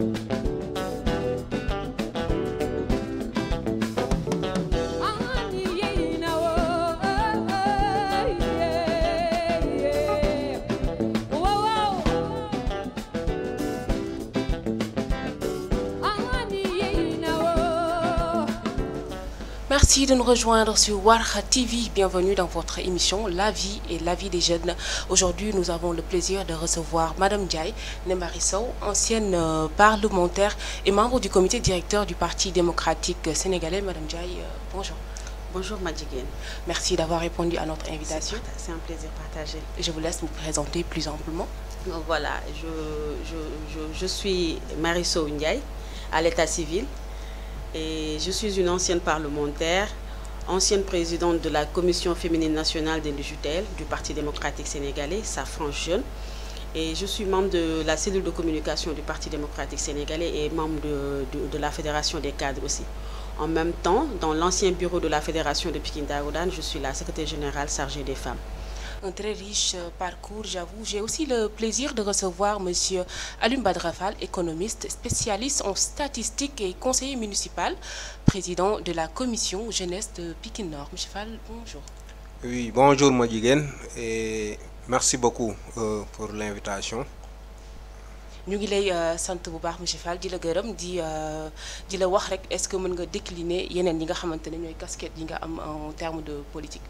thank you Merci de nous rejoindre sur Warha TV. Bienvenue dans votre émission La vie et la vie des jeunes. Aujourd'hui, nous avons le plaisir de recevoir Madame Diaye Nemarisou, ancienne euh, parlementaire et membre du comité directeur du Parti démocratique sénégalais. Madame Diaye, euh, bonjour. Bonjour Madjiguen. Merci d'avoir répondu à notre invitation. C'est un plaisir partagé. Je vous laisse vous présenter plus amplement. Voilà, je, je, je, suis Mariso Ndiaye à l'état civil je suis une ancienne parlementaire, ancienne présidente de la Commission féminine nationale des Jutel du Parti démocratique sénégalais, Safran Jeune. Et je suis membre de la cellule de communication du Parti démocratique sénégalais et membre de, la Fédération des cadres aussi. En même temps, dans l'ancien bureau de la Fédération de Pikin Daoudan, je suis la secrétaire générale chargée des femmes un très riche parcours, j'avoue. J'ai aussi le plaisir de recevoir M. Alim Badrafal, économiste, spécialiste en statistiques et conseiller municipal, président de la commission jeunesse de Pékin Nord. M. Fall, bonjour. Oui, bonjour Modigen et merci beaucoup euh, pour l'invitation. Nous sommes lay euh, santé bu monsieur Fall di la euh, est-ce que mën nga décliner les casquettes en termes de politique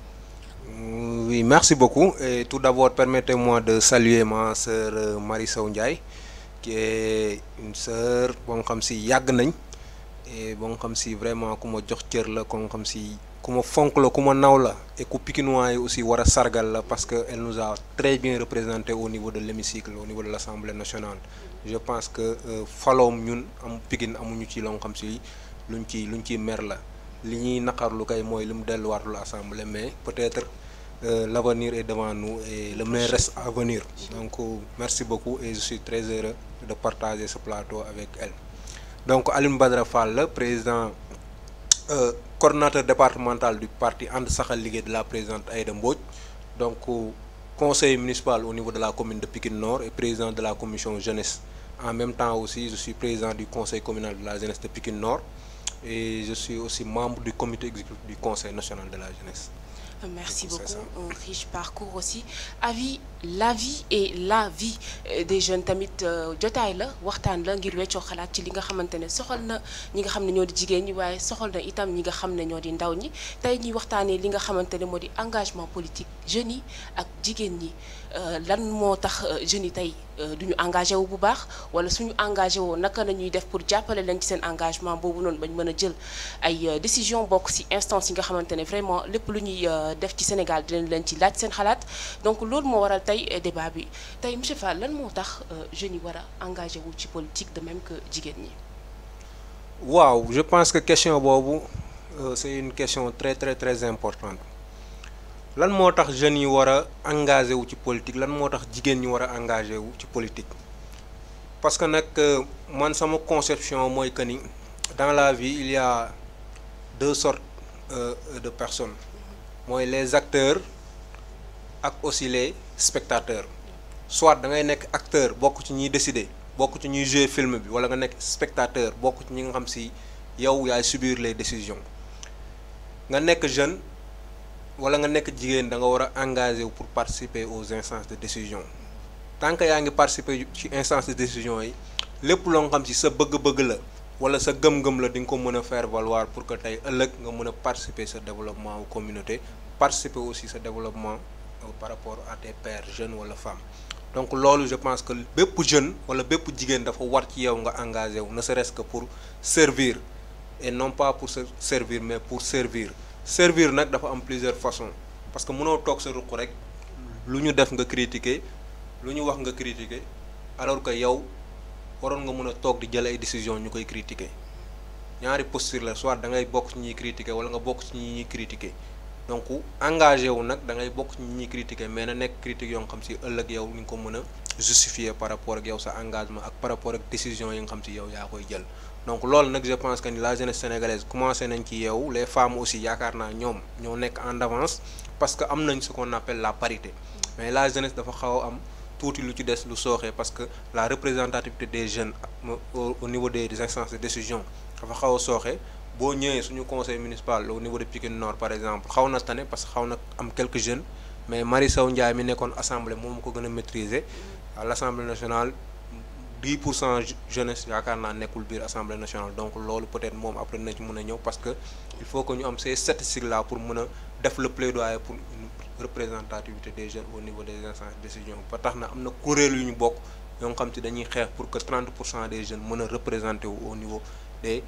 euh, oui, merci beaucoup. Et tout d'abord, permettez-moi de saluer ma sœur euh, Marissa Ndiaye, qui est une sœur, bon, comme si yag nañ, et bon, comme si vraiment, comme jox cër la, comme si comme fonk comme naw la, et ku pikinois aussi wara sargal parce que elle nous a très bien représenté au niveau de l'hémicycle, au niveau de l'Assemblée nationale. Je pense que euh, falom ñun am pikin amuñu ci long comme si luñ ci luñ ci mer la. Li ñuy nakarlu kay moy lim delluwatul assemblée mais peut-être euh, l'avenir est devant nous et le meilleur reste à venir. Donc euh, merci beaucoup et je suis très heureux de partager ce plateau avec elle. Donc Alim Badra Fall, président, euh, coordinateur départemental du parti Ande Ligue de la présidente Aïda Mbodj. Donc euh, conseil municipal au niveau de la commune de Pikine Nord et président de la commission jeunesse. En même temps aussi, je suis président du conseil communal de la jeunesse de Pikine Nord et je suis aussi membre du comité exécutif du Conseil national de la jeunesse. Merci beaucoup. Un riche parcours aussi. Avis, la vie et la vie euh, des jeunes tamit euh, jotaay la waxtaan la ngir weccoo xalat ci li nga xamantene na ñi nga xam ñoo di jigéen ñi waye soxal na itam ñi nga xam ñoo di ndaw ñi tay ñi waxtaanee li nga xamantene modi engagement politique jeuni ak jigéen ñi. Euh, lan moo tax euh, jeunes yi tey engager euh, engagé wu bu baax wala suñu engagé woo naka la def pour jappalé lañ ci sen engagement bobu non bañ mëna jël ay décision bok ci instance yi nga xamantene vraiment lepp luñuy def ci Sénégal dinañ leen ci laaj sen xalaat donc lool mo waral tay débat bi tay monsieur Fall lan moo tax jeunes yi engagé wu ci politique de même que jigen ñi. waaw je pense que question bobu c'est une question très très très importante lan moo tax jeunes yi wara a engagé ci politique lan moo tax jigéen ñi war engagé wu ci politique parce que nak euh, man sama conception moy que ni dans la vie il y a deux sortes euh, de personnes moy les acteurs ak aussi les spectateurs soit da ngay nek acteur bokk ci ñi décider bokk ci ñuy jouer film bi wala nga nek spectateur bokk ci ñi nga xam si yow yaay subir les décisions nga nek jeune wala nga vous êtes da nga wara engagé pour participer aux instances de décision tant que ya ngi participer ci de décision yi lo nga xam ci sa bëgg-bëgg la wala sa gëm la faire valoir pour que tay ëllëg nga participer au développement la communauté participer aussi au développement euh, par rapport à tes pères jeunes wala femmes donc je pense que les jeune wala bépp jigen dafa war ci yow nga engagé ne serait-ce que pour servir et non pas pour servir mais pour servir servir nag dafa am plusieurs façons parce que mënoo toog sa ruq rek lu ñu def nga critiquer lu ñu wax nga critiquer alors que yow waroon nga mën a toog di jël ay décision ñu koy critiquer ñaari posture la soit da ngay bokk ci ñuy critiquer wala nga bokk ci ñi ñuy critiquer donc engagé wu nag da ngay bokk ci ñi ñuy critiquer mais na nekk critique yoo nga xam si ëllëg yow ñu nga ko mën a justifier par rapport ak yow sa engagement ak par rapport ak décision yi nga xam si yow yaa koy jël donc je pense que la jeunesse sénégalaise commencé nañ ci les femmes aussi yakarna ñom ñoo nek en avance parce que am nañ ce qu'on appelle la parité mais la jeunesse dafa xaw tout am tuuti lu ci parce que la représentativité des jeunes au niveau des instances de décision dafa xaw soxé Si ñëwé est suñu conseil municipal au niveau de Pikine Nord par exemple xawna a tane parce que quelques jeunes mais Marissa Sow Ndiaye mi assemblée qui ko gëna maîtrisée. maîtriser à l'assemblée nationale 10% des jeunes jeunesse yakarna nekul bir assemblée nationale donc peut-être mom après na ci parce que il faut que nous am ces statistiques là pour mëna def le plaidoyer pour une représentativité des jeunes au niveau des décisions. de décision ba yu pour que 30 des jeunes soient représentés au niveau des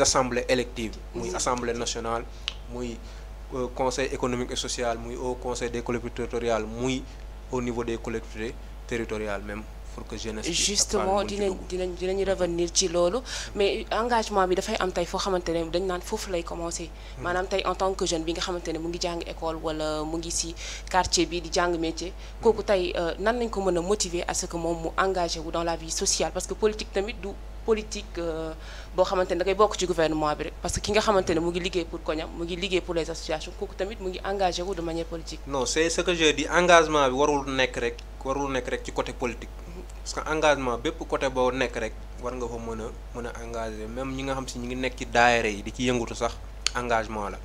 assemblées électives L'Assemblée assemblée nationale le euh, conseil économique et social le conseil des collectivités territoriales au niveau des collectivités territoriales même pour que jeunesse justement dinañ dinañ dinañ revenir ci lolu mais engagement bi fay am tay fo xamantene dañ nan fofu lay commencer hmm. manam tay en tant que jeune bi nga xamantene ne mu ngi jang école wala mu ngi ci quartier bi di jang métier koku tay euh, nan lañ ko meuna motiver à ce que mom mu engager wu dans la vie sociale parce que politique tamit du politique euh, bo xamantene da ngay bok ci gouvernement bi rek parce que ki nga xamantene ne mu ngi liggéey pour koñam mu ngi liggéey pour les associations koku tamit mu ngi engager wu de manière politique non c'est ce que je dis engagement bi warul nek rek warul nek rek ci côté politique parce que engagement bépp côté boo nekk rek war nga fa mën a mën a engagé même ñi nga xam si ñu ngi nekk ci daayira yi di ci yëngatu sax engagement la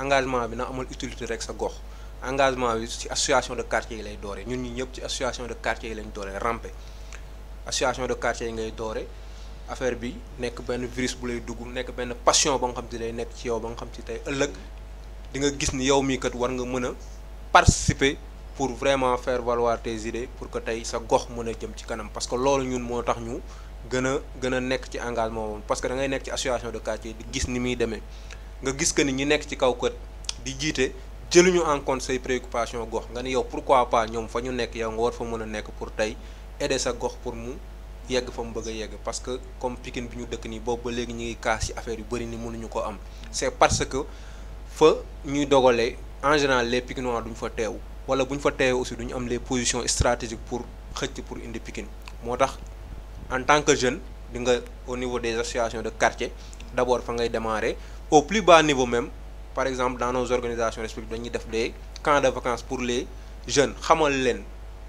engagement bi na amul utilité rek sa gox engagement bi ci association de quartier yi lay doore ñun ñi ñëpp ci association de quartier yi lañ doore rampe association de quartier yi ngay doore affaire bi nekk benn virus bu lay dugg nekk benn passion ba nga xam si day nekk ci yow ba nga xam te tey ëllëg di nga gis ni yow mii kat war nga mën a participer pour vraiment faire valoir tes idées pour que tay sa gox mën jëm ci kanam parce que loolu ñun moo tax ñu gëna gëna nekk ci engagement parce que da ngay nekk ci association de quartier di gis ni mi démé nga gis que ni ñi nekk ci kaw kët di jité jëluñu en compte préoccupation gox nga ni yow pourquoi pas ñom fa ñu nekk yow nga war fa mëna nekk pour tay aider sa gox pour mu yegg fa mu bëgg yegg parce que comme Pikine bi ñu dëkk ni bobu légui ñi ngi kaas ci affaire yu bari ni mënuñu ko am c'est parce que fa ñuy dogalee en général les Pikinois duñ fa teew wala buñ fa teewee aussi du am les positions stratégiques pour xëcc pour indi Pikine en tant que jeune di nga au niveau des associations de quartier d'abord fa ngay démarrer au plus bas niveau même par exemple dans nos organisations respectives dañuy def des camps de vacances pour les jeunes xamal leen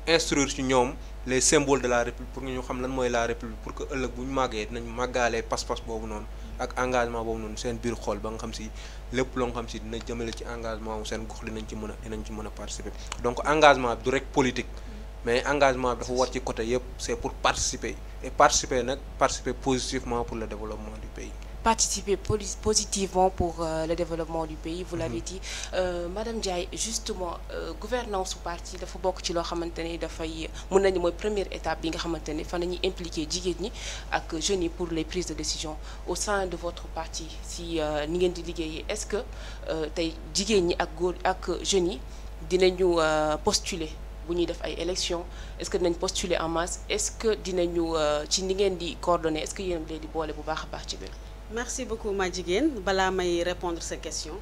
instruire ci ñoom les symboles de la république pour ñu xam lan mooy la république pour que ëllëg bu ñu màggee dinañ màggaalee pas-pas boobu noonu ak engagement boobu noonu seen biir xool ba nga xam si. lépp loo xam si dina jëmale ci engagement wu seen gox dinañ ci mën a dinañ ci mën a participer donc engagement bi du rek politique mais engagement bi dafa war ci côté yëpp c'est pour participer et participer nag participer positivement pour le développement du pays participer positivement pour euh, le développement du pays vous l'avez mhm. dit euh, madame Diaye, justement euh, gouvernance ou parti il faut ci vous choses à maintenir première étape bi nga xamante jeunes pour les prises de décision au sein de votre parti si est-ce que vous avez jeunes postuler élections est-ce que dinañ postuler en masse est-ce que dinañu ci est-ce que vous merci beaucoup ma Je vais may répondre à ces questions.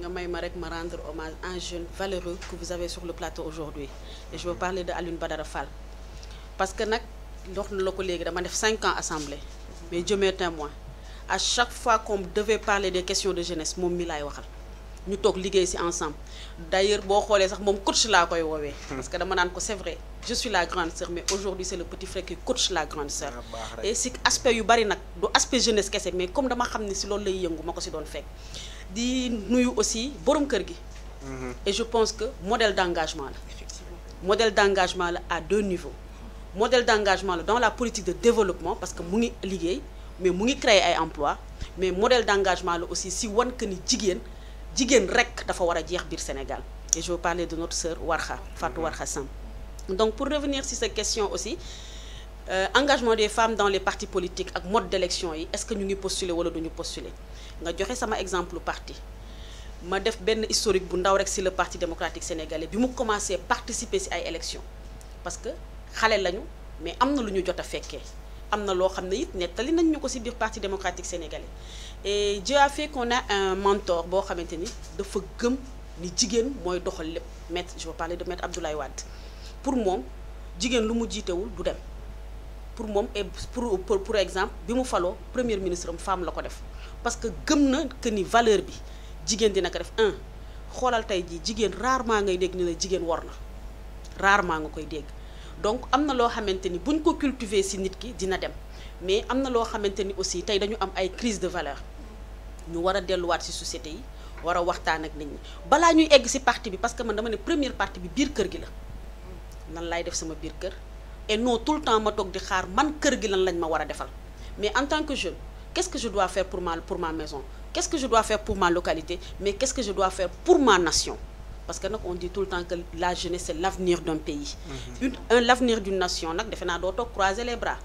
Je vais rendre hommage à un jeune valeureux que vous avez sur le plateau aujourd'hui et je veux parler de Badarafal. Badara parce que nous avons cinq ans assemblée mais Dieu m'est témoin à chaque fois qu'on devait parler des questions de jeunesse mon mi laay nous travaillons ensemble d'ailleurs coach parce que c'est vrai je suis la grande sœur mais aujourd'hui c'est le petit frère qui coach la grande sœur ah, et c'est aspect yu bari jeunesse mais comme je sais que c'est ce lay je fais, aussi borom mhm. et je pense que modèle d'engagement modèle d'engagement à deux niveaux modèle d'engagement dans la politique de développement parce que nous sommes liés, mais nous ngi créer emplois mais modèle d'engagement aussi si on que ni jigéen rek dafa wara jeex bir Sénégal et je veux parler de notre sœur Warkha Fatou Warkha Sam donc pour revenir sur cette question aussi euh, engagement des femmes dans les partis politiques ak mode d'élection yi est-ce que ñu ngi postuler wala duñu postuler nga joxe sama exemple parti ma def ben historique bu ndaw rek le parti démocratique sénégalais bi mu commencé participer à ay élections parce que xalé lañu mais amna luñu jotta ñu amna lo xamné am netali nañ ñuko ci bir parti démocratique sénégalais et fekkoon a fait qu'on a un mentor boo xamante ni dafa gëm ni jigéen mooy doxal lépp maître je veux parler de maître Abdoulaye Wade pour moom jigéen lu mu jiitewul du dem pour moom et pour pour exemple bi mu faloo premier ministre mu femme la ko def parce que gëm na que ni valeur bi jigéen dina ko def un xoolal tey jii jigéen rarement ngay dégg ni la jigéen war na rarement nga koy dégg donc am na loo xamante ni buñ ko cultiver si nit ki dina dem. mais nous avons aussi une dañu am ay crise de valeur ñu wara déllu waat ci société yi wara waxtaan ak nit ñi bala ñuy egg ci parti bi parce que man dama ne première partie bi biir kër gi la nan lay def sama kër et nous tout le temps ma toog di xaar man kër gi ma mais en tant que jeune qu'est-ce que je dois faire pour ma pour ma maison qu'est-ce que je dois faire pour ma localité mais qu'est-ce que je dois faire pour ma nation parce que nag on dit tout le temps que la jeunesse c'est l'avenir d'un pays. Mm-hmm. un l'avenir d'une nation nag defe naa doo toog croiser les bras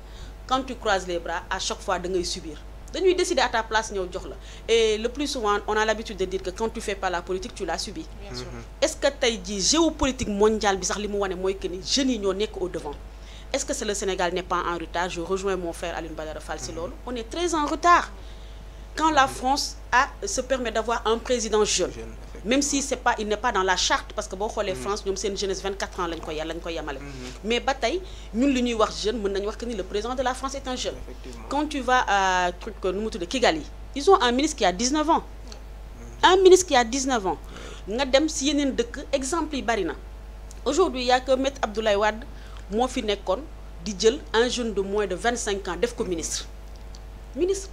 quand tu croises les bras à chaque fois de ne subir nous décider à ta place nous jox là et le plus souvent on a l'habitude de dire que quand tu fais pas la politique tu l'as subi mm-hmm. est-ce que tu as dit géopolitique mondiale bizarre sax li que ni jeunes devant est-ce que c'est le Sénégal n'est pas en retard je rejoins mon frère à Badara Fall si mm-hmm. on est très en retard quand la France a se permet d'avoir un président jeune même si c'est pas il n'est pas dans la charte parce que boo les France c'est une jeunesse 24 ans lañ ko mhm. mais bataille nous ñun li jeune que ni le président de la France est un jeune quand tu vas à truc que nous de Kigali ils ont un ministre qui a 19 ans un ministre qui a 19 ans nga dem si yenen deuk exemple barina Aujourd'hui, il y a que met Abdoulaye Wade mo fi nekkone di un jeune de moins de 25 ans def ko ministre ministre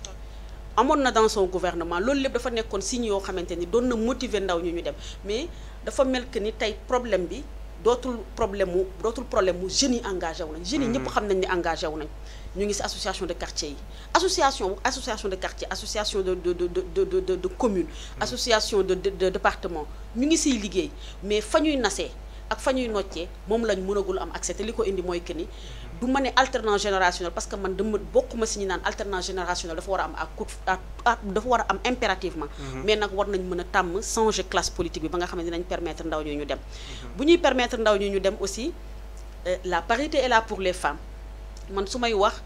amoon na dans son gouvernement lolou lepp dafa nekkoon signe yo xamanteni ni na motiver ndaw ñu ñu dem mais dafa melk que ni tay problème bi d'autres problèmes ou d'autres problèmes mu jeunes engagé wu nañ jeunes yi mm-hmm. ñëpp engagé association de quartier association association de quartier association de de de de de de commune mm-hmm. association de de département ñu ngi mais fanny ñuy ak fa ñuy mom lañ mëna gul am accès té liko indi moy que du ma ne alternance générationnelle parce que man dama bokkuma si ñu nan alternance générationnelle dafa wara am à coup dafa wara am impérativement. Mhm. mais nak war nañ mëna tam changer classe politique bi ba nga xamné dinañ permettre ndaw ñoo ñu dem. Mhm. bu ñuy permettre ndaw ñoo ñu dem aussi euh, la parité est là pour les femmes man sumay wax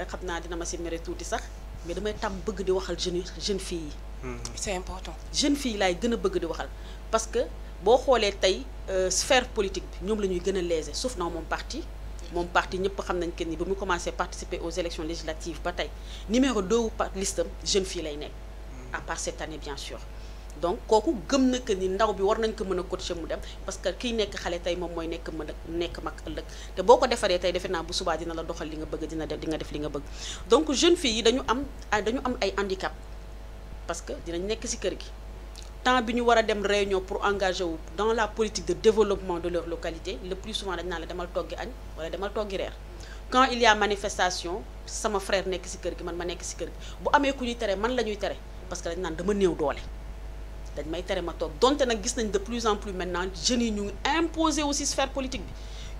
euh, xamna dina ma ci mere touti sax mais damay tam bëgg di waxal jeune jeune fille mhm. c'est important jeune fille lay gëna a bëgg di waxal parce que bo xolé tay euh, sphère politique bi ñoom la ñuy léser sauf dans mon parti. Mon parti ñëpp xam nañ que ni ba mu commencé participer aux élections législatives ba numéro numéro deux listam jeune fille lay nek à part cette année bien sûr donc koku gëm na que ni ndaw bi war nañ ko mëna a coacher mu dem parce que kiy nek xalé tay mom moy nek mën a nekk mag ëllëg te boo ko defaree tey defe bu suba dina la doxal li nga bëgg dina def di nga def li nga bëgg donc jeune fille yi dañu am dañu am ay handicap parce que dinañ nek ci kër gi Tant bi ñu war a dem réunion pour engager dans la politique de développement de leur localité le plus souvent dañ naan la demal toggi añ wala quand il y a manifestation mon frère nekk ci kër gi man ma nekk ci kër gi bu amee ku ñuy man la ñuy tere parce que dañ naan dama néew doole dañ may tere ma toog donte de plus en plus maintenant jeunes yi ñu ngi imposer aussi sphère politique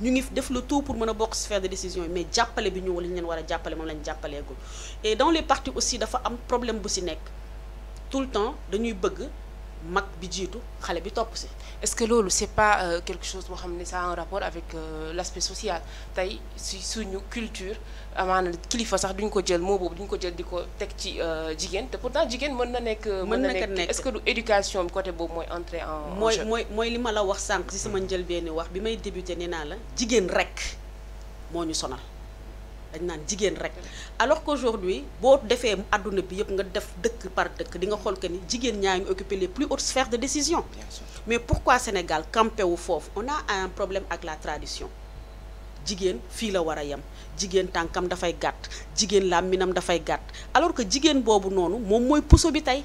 bi ñu ngi def le tout pour mën a bokk sphère de décision mais jàppale bi ñu li ñu leen war a jàppale moom la ñu et dans les partis aussi dafa am problème bu ci tout le temps dañuy bëgg mag bi jiitu xale bi top ci est-ce que loolu c'est pas euh, quelque chose bo xam ça en rapport avec euh, l'aspect social tay si suñu culture amana kilifa sax duñ ko jël mo bobu duñ ko jël diko tek ci euh, jigéen te pourtant jigen mën na nek mën na est-ce que du éducation côté bobu moy entrer en moy moy mooy li ma la wax sank si sama njëlbéenu wax bi may débuter nee naa la jigen rek moñu sonal dañ naan rek alors qu'aujourd'hui boo defee àdduna bi yëpp nga def dëkk par dëkk di nga xool que ni jigéen ñaa ngi occuper les plus hautes sphères de décision mais pourquoi Sénégal campé wu foofu on a un problème avec la tradition jigéen fii la war a yem jigéen tànkam dafay gàtt jigéen làmminam dafay gàtt alors que jigéen boobu noonu moom mooy puso bi tey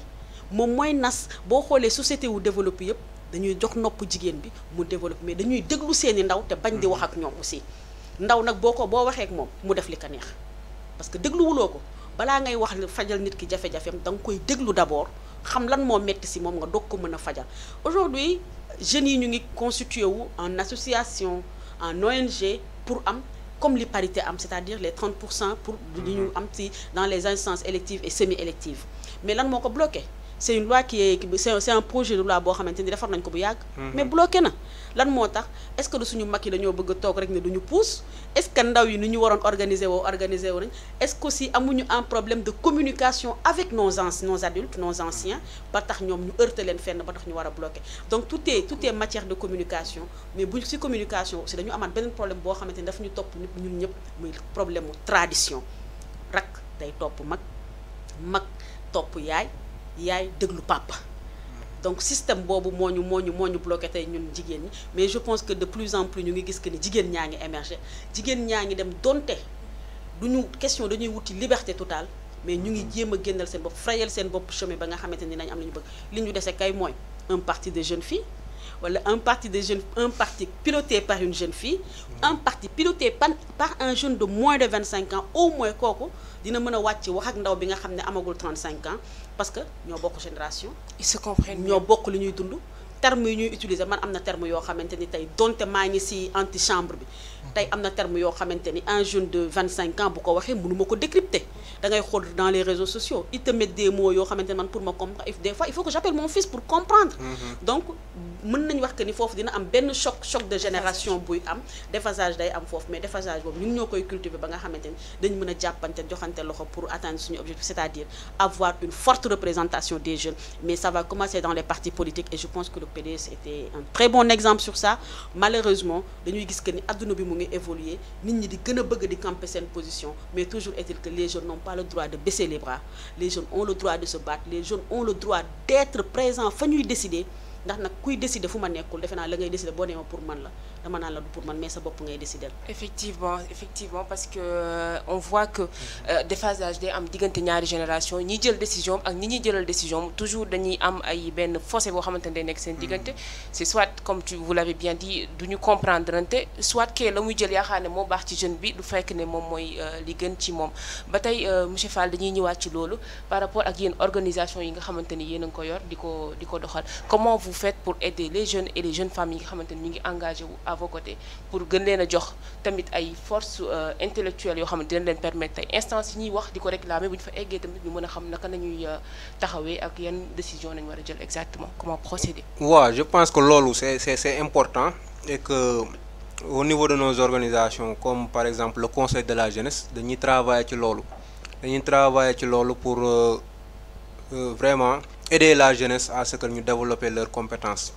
moom mooy nas boo xoolee société wu développé yëpp dañuy jox nopp jigéen bi mu développé mais dañuy déglu seeni ndaw te bañ di wax ak ñoom aussi ndaw nak boko bo waxe ak mom mu def li ka neex parce que dégluwuloo wuloko bala ngay wax fajal nit ki jafé jafeem dang koy déglu d'abord xam lan mo metti si mom nga doog meuna mën fajal aujourd'hui jeune yi ñu ngi constituer wu en association en ONG pour am comme li parité am c'est-à-dire les 30 pour li ñu mhm. am ci dans les instances électives et semi-électives mais lan moko bloquer c'est une loi qui est c'est un projet de loi bo xamante ni defar nañ ko bu yàgg. Mhm. mais bloqué na lan motax est-ce que du suñu mag dañu bëgg tok rek ne duñu pousse est-ce que ndaw yi ñu waroon organiser woo organiser wu est-ce que aussi amuñu un problème de communication avec nos anciens nos adultes nos anciens ba tax ñom ñu heurter len fenn ba tax ñu wara bloqué donc tout est tout est matière de communication mais bu ci communication c'est dañu amaat benen problème bo xamante daf ñu top ñun ñëpp muy problème tradition rak day top mak mak top yaay yaay déglu papa donc système boobu moo ñu moo ñu moo ñu bloqué tey ñun jigéen ñi mais je pense que de plus en plus ñu ngi gis que ni jigéen ñaa ngi émerger jigéen ñaa ngi dem donte du question dañuy wuti liberté totale mais ñu ngi mm-hmm. jéem a génnal seen bopp frayal seen bopp chemin ba nga xamante ni nañ am la ñu bëgg li ñu dese kay mooy un parti de jeunes filles wala un parti de jeunes un parti piloté par une jeune fille mm-hmm. un parti piloté par un jeune de moins de 25 ans au moins kooku dina mën a wàcc wax ak ndaw bi nga xam amagul trente ans parce que beaucoup de génération. ils se comprennent ñoo bokk li ñuy dund. terme nous ñuy utiliser man qui terme yo Nous ni des termes qui anti ci antichambre bi terme un jeune de 25 ans beaucoup ko nous nous décrypter da ngay dans les réseaux sociaux il te met des mots pour ma comprendre des fois il faut que j'appelle mon fils pour comprendre. Mm-hmm. donc mën nañ wax que ni fofu dina am benn choc choc de génération buy am déphasage day am fofu mais déphasage boobu ñun ñoo koy cultiver ba nga xamante ni dañ mën a loxo pour atteindre suñu objectif c'est-à-dire avoir une forte représentation des jeunes mais ça va commencer dans les partis politiques et je pense que le PDS était un très bon exemple sur ça malheureusement dañuy gis que ni adduna bi mu ngi évoluer nit ñi di gën a bëgg di camper seen position mais toujours est-il que les jeunes n'ont pas le droit de baisser les bras les jeunes ont le droit de se battre les jeunes ont le droit d'être présents fa ñuy décider ndax nag kuy décider fu ma nekkul defe naa la ngay décider boo nee ma pour man la dama nan la pour man mais sa bop ngay décider. effectivement effectivement parce que euh, on voit que euh, déphasage day am diganté ñaari génération ñi jël décision ak ñi ñi jëlal décision toujours dañuy am ay ben fossé bo xamante ne day seen mm-hmm. diganté c'est soit comme tu vous l'avez bien dit duñu comprendre ante soit que la muy jël yaakaar ne moo ci jeune bi du fekk né mom moy euh, li gën ci mom ba monsieur Fall dañuy ñëwaat ci lolu par rapport ak une organisation yi nga xamante ni a ngi ko yor diko diko doxal comment vous faites pour aider les jeunes et les jeunes familles yi nga xamante ngi engagé à vos côtés pour gën leen jox tamit ay forces euh, intellectuelles yo xam ne dina leen permettre tey instance yi ñuy wax diko réclamer buñ fa éggé tamit ñu mëna xam naka nañuy euh, taxawé ak yeen décision nañu wara jël exactement comment procéder. waaw je pense que lolu c'est c'est c'est important et que au niveau de nos organisations comme par exemple le conseil de la jeunesse dañuy travailler ci lolu dañuy travailler ci lolu pour euh, euh, vraiment aider la jeunesse à ce que ñu développer leurs compétences.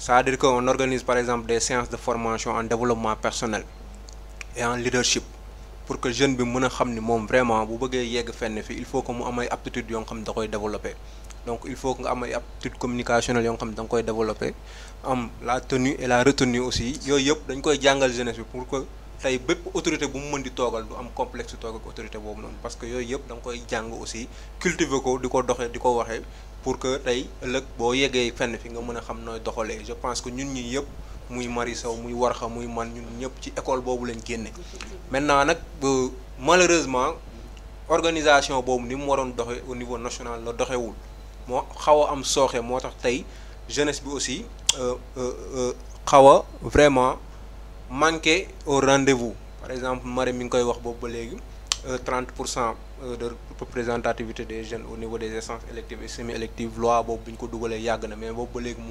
C'est-à-dire qu'on organise par exemple des séances de formation en développement personnel et en leadership pour que jeune bi mën a vraiment bu bëggee yegg fenn il faut que ait des aptitude aptitudes qui xam da développer donc il faut que nga des aptitude aptitudes communicationnelles qui xam développer am la tenue et la retenue aussi yooyu yëpp dañ koy jàngal jeunesse bi pour que tay bépp autorité bu mu mën di togal du am complexe togal ak autorité boobu noonu parce que yooyu yëpp da nga koy jàng aussi cultiver ko di ko doxee di ko waxee pour que tay ëlëk bo yégué fenn fi nga mëna xam noy doxalé je pense que ñun ñi yëpp muy Marie Sow muy Warxa muy man ñun ñëpp ci école bobu lañu génne maintenant nak malheureusement organisation bobu ni mu waron doxé au niveau national la doxé wul mo xawa am soxé moo tax jeunesse bi aussi euh, euh, euh xawa vraiment manqué au rendez-vous par exemple Marie mi ngi koy wax bobu légui 30 euh, de représentativité des jeunes au niveau des essences électives et semi électives loi bob ko mais boobu ba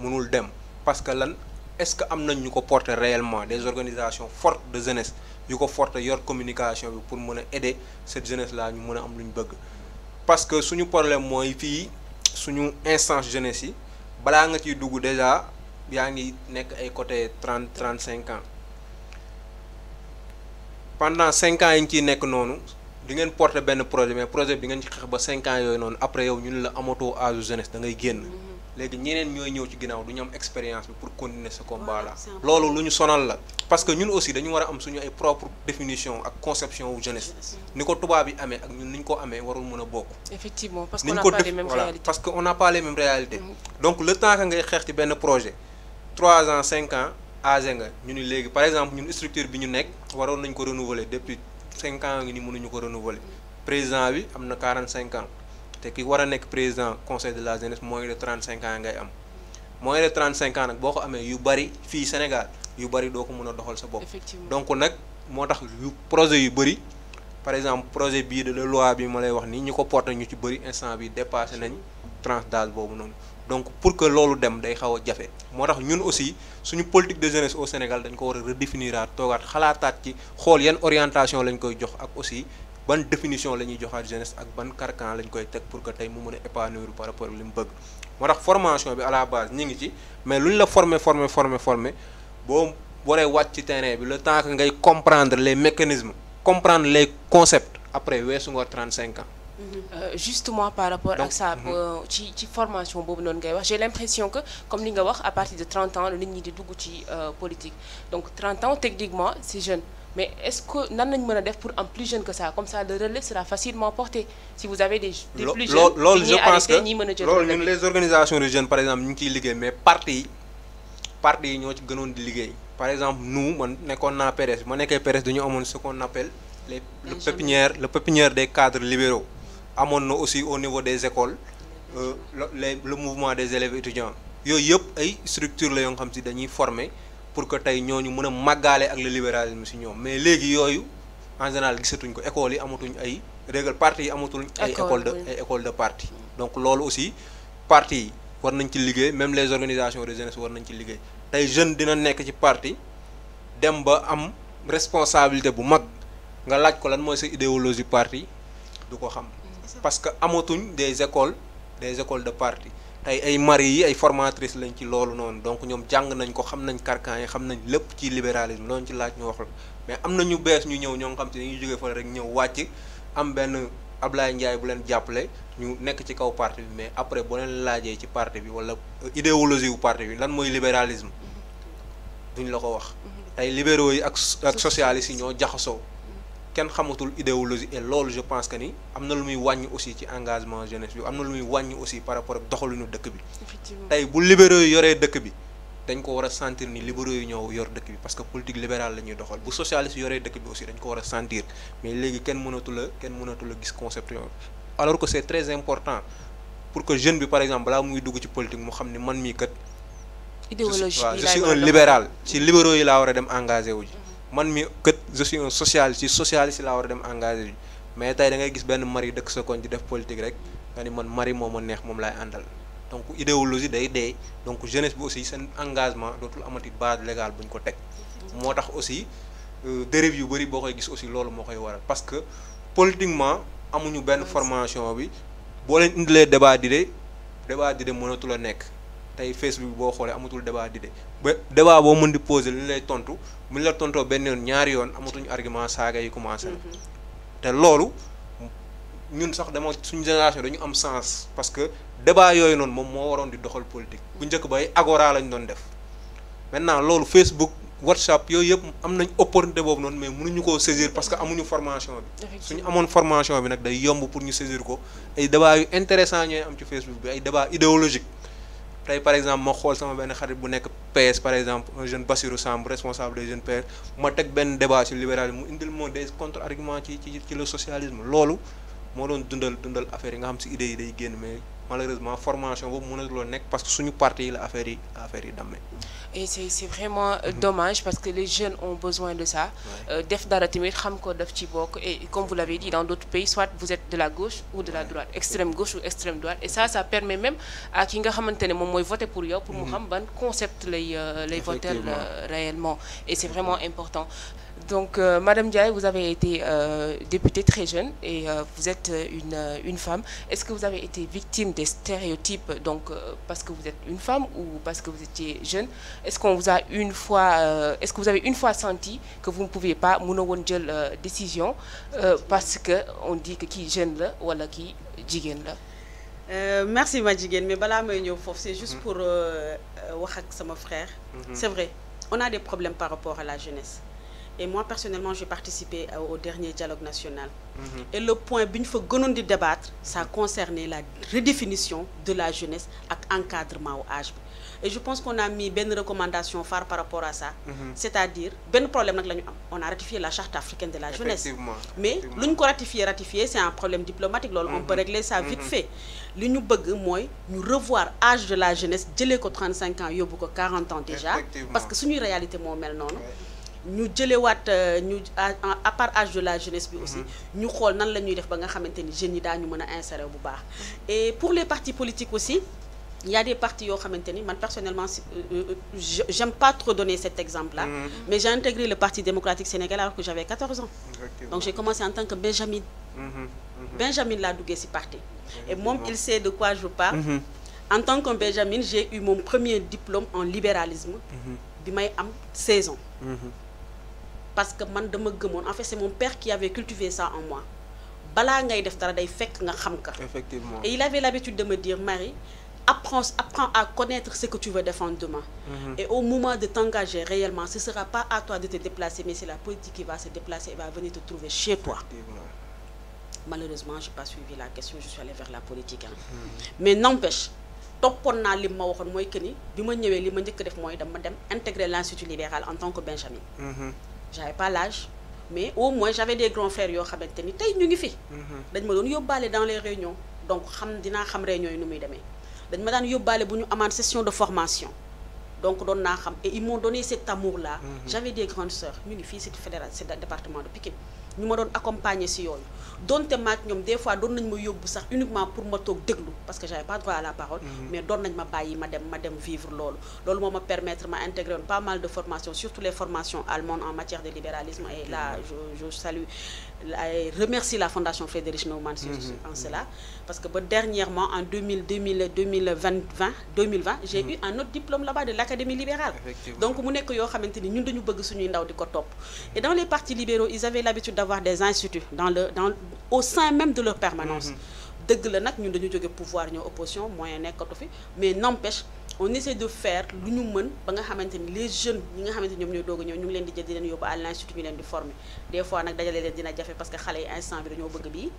mënul dem parce que lan est-ce que nous nous réellement des organisations fortes de jeunesse nous ko forter yor communication pour aider cette jeunesse là ñu mën a am que bëgg parce que suñu problème si nous suñu instance jeunesse yi jeunesse nga déjà bien ngi nekk ay côté trente trente ans pendant 5 ans yi n'est nekk di ngeen porter benn projet mais projet bi ngeen ci xeex ba cinq ans yooyu noonu après yow ñun la amatoo âge jeunesse da ngay génn léegi ñeneen ñooy ñëw ci ginnaaw du ñu expérience bi pour continuer ce combat là loolu ce ñu sonal la parce que ñun aussi dañu war a am suñu ay propre définition ak conception wu jeunesse ni ko tubaab yi amee ak ñun ni ñu ko amee warul mën bokk effectivement parce qu'on n'a pas les mêmes réalités parce qu'on n'a pas les mêmes réalités donc le temps que ngay xeex ci projet 3 ans 5 ans à nga nous par exemple ñun structure bi ñu nekk waroon nañ ko renouveler depuis cinq ans ngi ni mënuñu ko renouveler président bi am na quarante cinq ans te ki war a nekk président conseil de la jeunesse moins de trente cinq ans ngay am moins de trente cinq ans nag boo ko amee yu bari fii Sénégal yu bari doo ko mën a doxal sa bopp. donc nag moo tax yu projet yu bari par exemple projet bii de la bii bi ma lay wax nii ñu ko porté ñu ci bari instant bi dépassé nañ tranche boobu noonu. donc pour que loolu dem day xaw jafé motax ñun aussi suñu politique de jeunesse au Sénégal dañ ko wara a togat toogaat xalaataat ci xol yeen orientation lañ koy jox ak aussi ban définition lañuy ñuy jeunesse ak ban carcan lañ koy tek pour que tay mu mëna épanouir par rapport ak li bëgg motax formation bi à la base ñu ngi ci mais luñ la former former former former bo waree wacc ci terrain bi le temps que ngay comprendre les mécanismes comprendre les concepts après wessu nga 35 ans. Euh, justement par rapport à ça mhm. euh, formation j'ai l'impression que comme li à partir de 30 ans le avons des di euh, politique donc 30 ans techniquement c'est jeune mais est-ce que nan lañ des pour un plus jeune que ça comme ça le relais sera facilement porté si vous avez des plus jeunes je pense que les organisations de jeunes par exemple nous sommes mais parti parti par exemple nous man sommes na dañu ce qu'on appelle les le pépinière des cadres libéraux amoon aussi au niveau des écoles euh, le mouvement des élèves étudiants yooyu yep ay structure la yo xam si dañuy former pour que tay ñooñu mëna magalé ak le libéralisme ci ñoom mais légui yoyu en général gisatuñ ko école yi amatuñ ay régal parti yi amatuñ ay école de ay école de parti donc lolu aussi parti war nañ ci liggéey même les organisations de jeunesse war nañ ci liggéey tay jeune dina nekk ci parti dem ba am responsabilité bu mag nga laaj ko lan mooy sa idéologie parti du ko xam parce que amatuñ des écoles des écoles de parti tey ay mari yi ay formatrices lañ ci loolu noonu donc ñoom jàng nañ ko xam nañ carcan yi xam nañ lépp ci libéralisme loolu ci laaj ñu wax la mais am na ñu bees ñu ñëw ñoo xam te dañuy jógee fa rek ñëw wàcc am benn Ablaye Ndiaye bu leen jàppale ñu nekk ci kaw parti bi mais après boo leen laajee ci parti bi wala euh, idéologie wu parti bi lan mooy libéralisme mm-hmm. duñ la ko wax mm-hmm. tey libéraux yi ak ak yi ñoo jaxasoo ken xamatul idéologie et loolu je pense que ni am na lu muy wàññi aussi ci engagement jeunesse bi am na lu muy wàññi aussi par rapport ak doxalinu dëkk bi. tey bu libéraux yi yoree dëkk bi dañ ko war a sentir ni libéraux yi ñoo yor dëkk bi parce que politique libérale la ñuy doxal bu socialiste yoree dëkk bi aussi dañ ko war a sentir mais léegi kenn mënatu la kenn mënatu la gis concept yooyu alors que c'est très important pour que jeune bi par exemple balaa muy dugg ci politique mu xam ni man mii kat. idéologie je suis un libéral ci libéraux yi laa war a dem engagé wu ji. man mi kët je suis un socialiste ci socialiste la war dem engager mais tay da ngay gis ben mari dekk so kon di def politique rek nga ni man mari momo neex mom lay andal donc idéologie day dé donc jeunesse bi aussi sen engagement dotul amati base légale buñ ko tek motax aussi euh, dérive yu bari bokay gis aussi lolu mo koy waral parce que politiquement amuñu ben formation bi boo leen indilee débat dé débat d'idée mënatul a nekk tay facebook bo xolé amatul débat di dé débat bo mën di poser li lay tontu mu ñu la tontoo benn yoon ñaari yoon amatuñu argument saaga yi commencé mhm. te loolu ñun sax dama suñu génération dañu am sens parce que débat yooyu noonu moom moo waroon di doxal politique bu njëkk bay agora lañ doon def maintenant loolu Facebook WhatsApp yooyu yëpp am nañ opportunité boobu noonu mais mënuñu ko saisir parce que amuñu formation bi suñu amoon formation bi nag day yomb pour ñu saisir ko ay débat yu intéressant ñooy am ci Facebook bi ay débat idéologique tey par exemple ma xool sama benn xarit bu nekk PS par exemple un jeune Bassirou Samb responsable des jeunes PS ma teg benn débat sur libéralisme mu indil moo des contre argument ci ci ci le socialisme loolu moo doon dundal dundal affaire yi nga xam si idées yi day génn mais malheureusement formation boobu mënatuloo nekk parce que suñu parti yi la affaire yi affaire yi et c'est vraiment euh, dommage parce que les jeunes ont besoin de ça. Euh, def dara timit xam ko daf ci et comme vous l'avez dit dans d'autres pays soit vous êtes de la gauche ou de la droite extrême gauche ou extrême droite et ça ça permet même à qui nga xamantene mom voter pour yow. pour mu mm-hmm. xam ban concept lay euh, voter réellement et c'est vraiment important. Donc, euh, Madame Diaye, vous avez été euh, députée très jeune et euh, vous êtes une, femme. Est-ce que vous avez été victime des stéréotypes donc, parce que vous êtes une femme ou parce que vous étiez jeune Est-ce qu'on vous a une fois, est-ce que vous avez une fois senti que vous ne pouviez pas une décision parce qu'on dit que qui est jeune là ou qui est là euh, merci Madjigen, mais voilà, c'est juste mm-hmm. pour euh, mon frère. Mm-hmm. C'est vrai, on a des problèmes par rapport à la jeunesse et moi personnellement j'ai participé au dernier dialogue national. Mhm. et le point qu'il faut débattre ça concernait la redéfinition de la jeunesse ak encadrement au âge et je pense qu'on a mis une recommandation phare par rapport à ça. Mhm. c'est-à-dire ben problème on a ratifié la charte africaine de la jeunesse. mais ce qu'on a ratifié ratifié c'est un problème diplomatique on mhm. peut régler ça vite fait. Nous nous bëgg revoir âge de la jeunesse dès ko 35 ans y 40 ans déjà. parce que c'est une réalité moi, mel non euh, Nous, à part âge de la jeunesse bi mm-hmm. aussi nan def ba nga mm-hmm. et pour les partis politiques aussi il y a des partis qui xamante man personnellement euh, euh, j'aime pas trop donner cet exemple là mm-hmm. mais j'ai intégré le parti démocratique sénégalais alors que j'avais 14 ans donc j'ai commencé en tant que Benjamin Benjamin laa duggee parti et moi, il sait de quoi je parle en tant que Benjamin j'ai eu mon premier diplôme en libéralisme bi may 16 ans parce que man dama en fait c'est mon père qui avait cultivé ça en moi ngay def dara day nga xam ka effectivement et il avait l'habitude de me dire Marie apprends, apprends à connaître ce que tu veux défendre demain. Mm-hmm. Et au moment de t'engager réellement, ce ne sera pas à toi de te déplacer, mais c'est la politique qui va se déplacer et va venir te trouver chez toi. Malheureusement, je n'ai pas suivi la question, je suis allé vers la politique. Hein. Mm-hmm. Mais n'empêche, topona naa li ma waxoon moy que ni bima ma ma intégrer l'institut libéral en tant que Benjamin. Mm-hmm j'avais pas l'âge mais au moins j'avais des grands frères yo xamante ni tey ñu ngi fi. Mhm. dañ ma doon yobale dans les réunions donc xam dina xam réunions yi nu muy démé dañ ma daan yobale bu ñu une session de formation donc don na xam et ils m'ont donné cet amour là. Mhm. j'avais des grandes sœurs ñu ngi fi c'est département de Pikine. Nous m'ont accompagné accompagné si on te ma des fois donne nañ ma des uniquement pour me dire parce que j'avais pas droit à la parole mhm. mais je nañ ma bàyyi ma dem vivre lol l'eau ma permettre d'intégrer pas mal de formations surtout les formations allemandes en matière de libéralisme et là mhm. je salue remercie la Fondation Frédéric Neumann en cela. Parce que dernièrement, en 2000, 2020, 2020 j'ai mhm. eu un autre diplôme là-bas de l'Académie libérale. Donc, nous top Et dans les partis libéraux, ils avaient l'habitude d'avoir des instituts dans le, dans, au sein même de leur permanence. Mhm. de pouvoir opposition moyen mais n'empêche on essaie de faire lu ñu nous les jeunes l'institut des fois on dajale len dina jafé parce que xalé yi instant bi dañu bëgg bi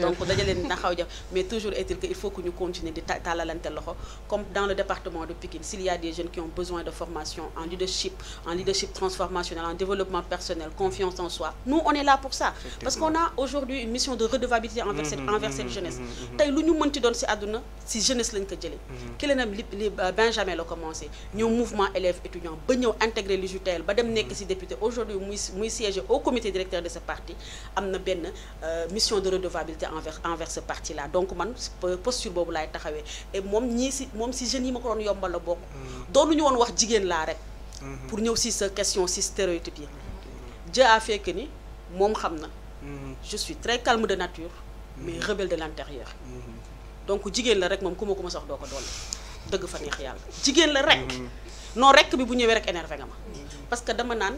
donc dajale len xaw mais toujours est-il que il faut que nous continuer de tàllalante loxo comme dans le département de Pikine s'il y a des jeunes qui ont besoin de formation en leadership en leadership transformationnel en développement personnel confiance en soi nous on est là pour ça parce qu'on a aujourd'hui une mission de redevabilité envers cette mm-hmm, envers cette mm-hmm, jeunesse mm-hmm, tay lu ñu mënti doon ci aduna si jeunesse lañ ko jëlé kilanam li li Benjamin la commencé ñëw mouvement élève étudiant, ba ñeu intégré l'UJTL ba dem que si député aujourd'hui nous, muy au comité directeur de ce parti am na benn euh, mission de redevabilité envers envers ce parti là donc man posture boobu laay taxawee et moom ñii si si jeunes yi ma ko doon yombal la bokk mm. doonuñu woon wax jigéen laa rek mm-hmm. pour ñëw si sa question si stéréotype yi Dieu que ni moom xam mm-hmm. je suis très calme de nature mm-hmm. mais rebelle de l'intérieur donc jigéen la rek moom ku ma ko ma sax doo ko doon dëgg fa neex yàlla jigéen la rek non rek bi bu ñëwee rek énervé nga parce que dama naan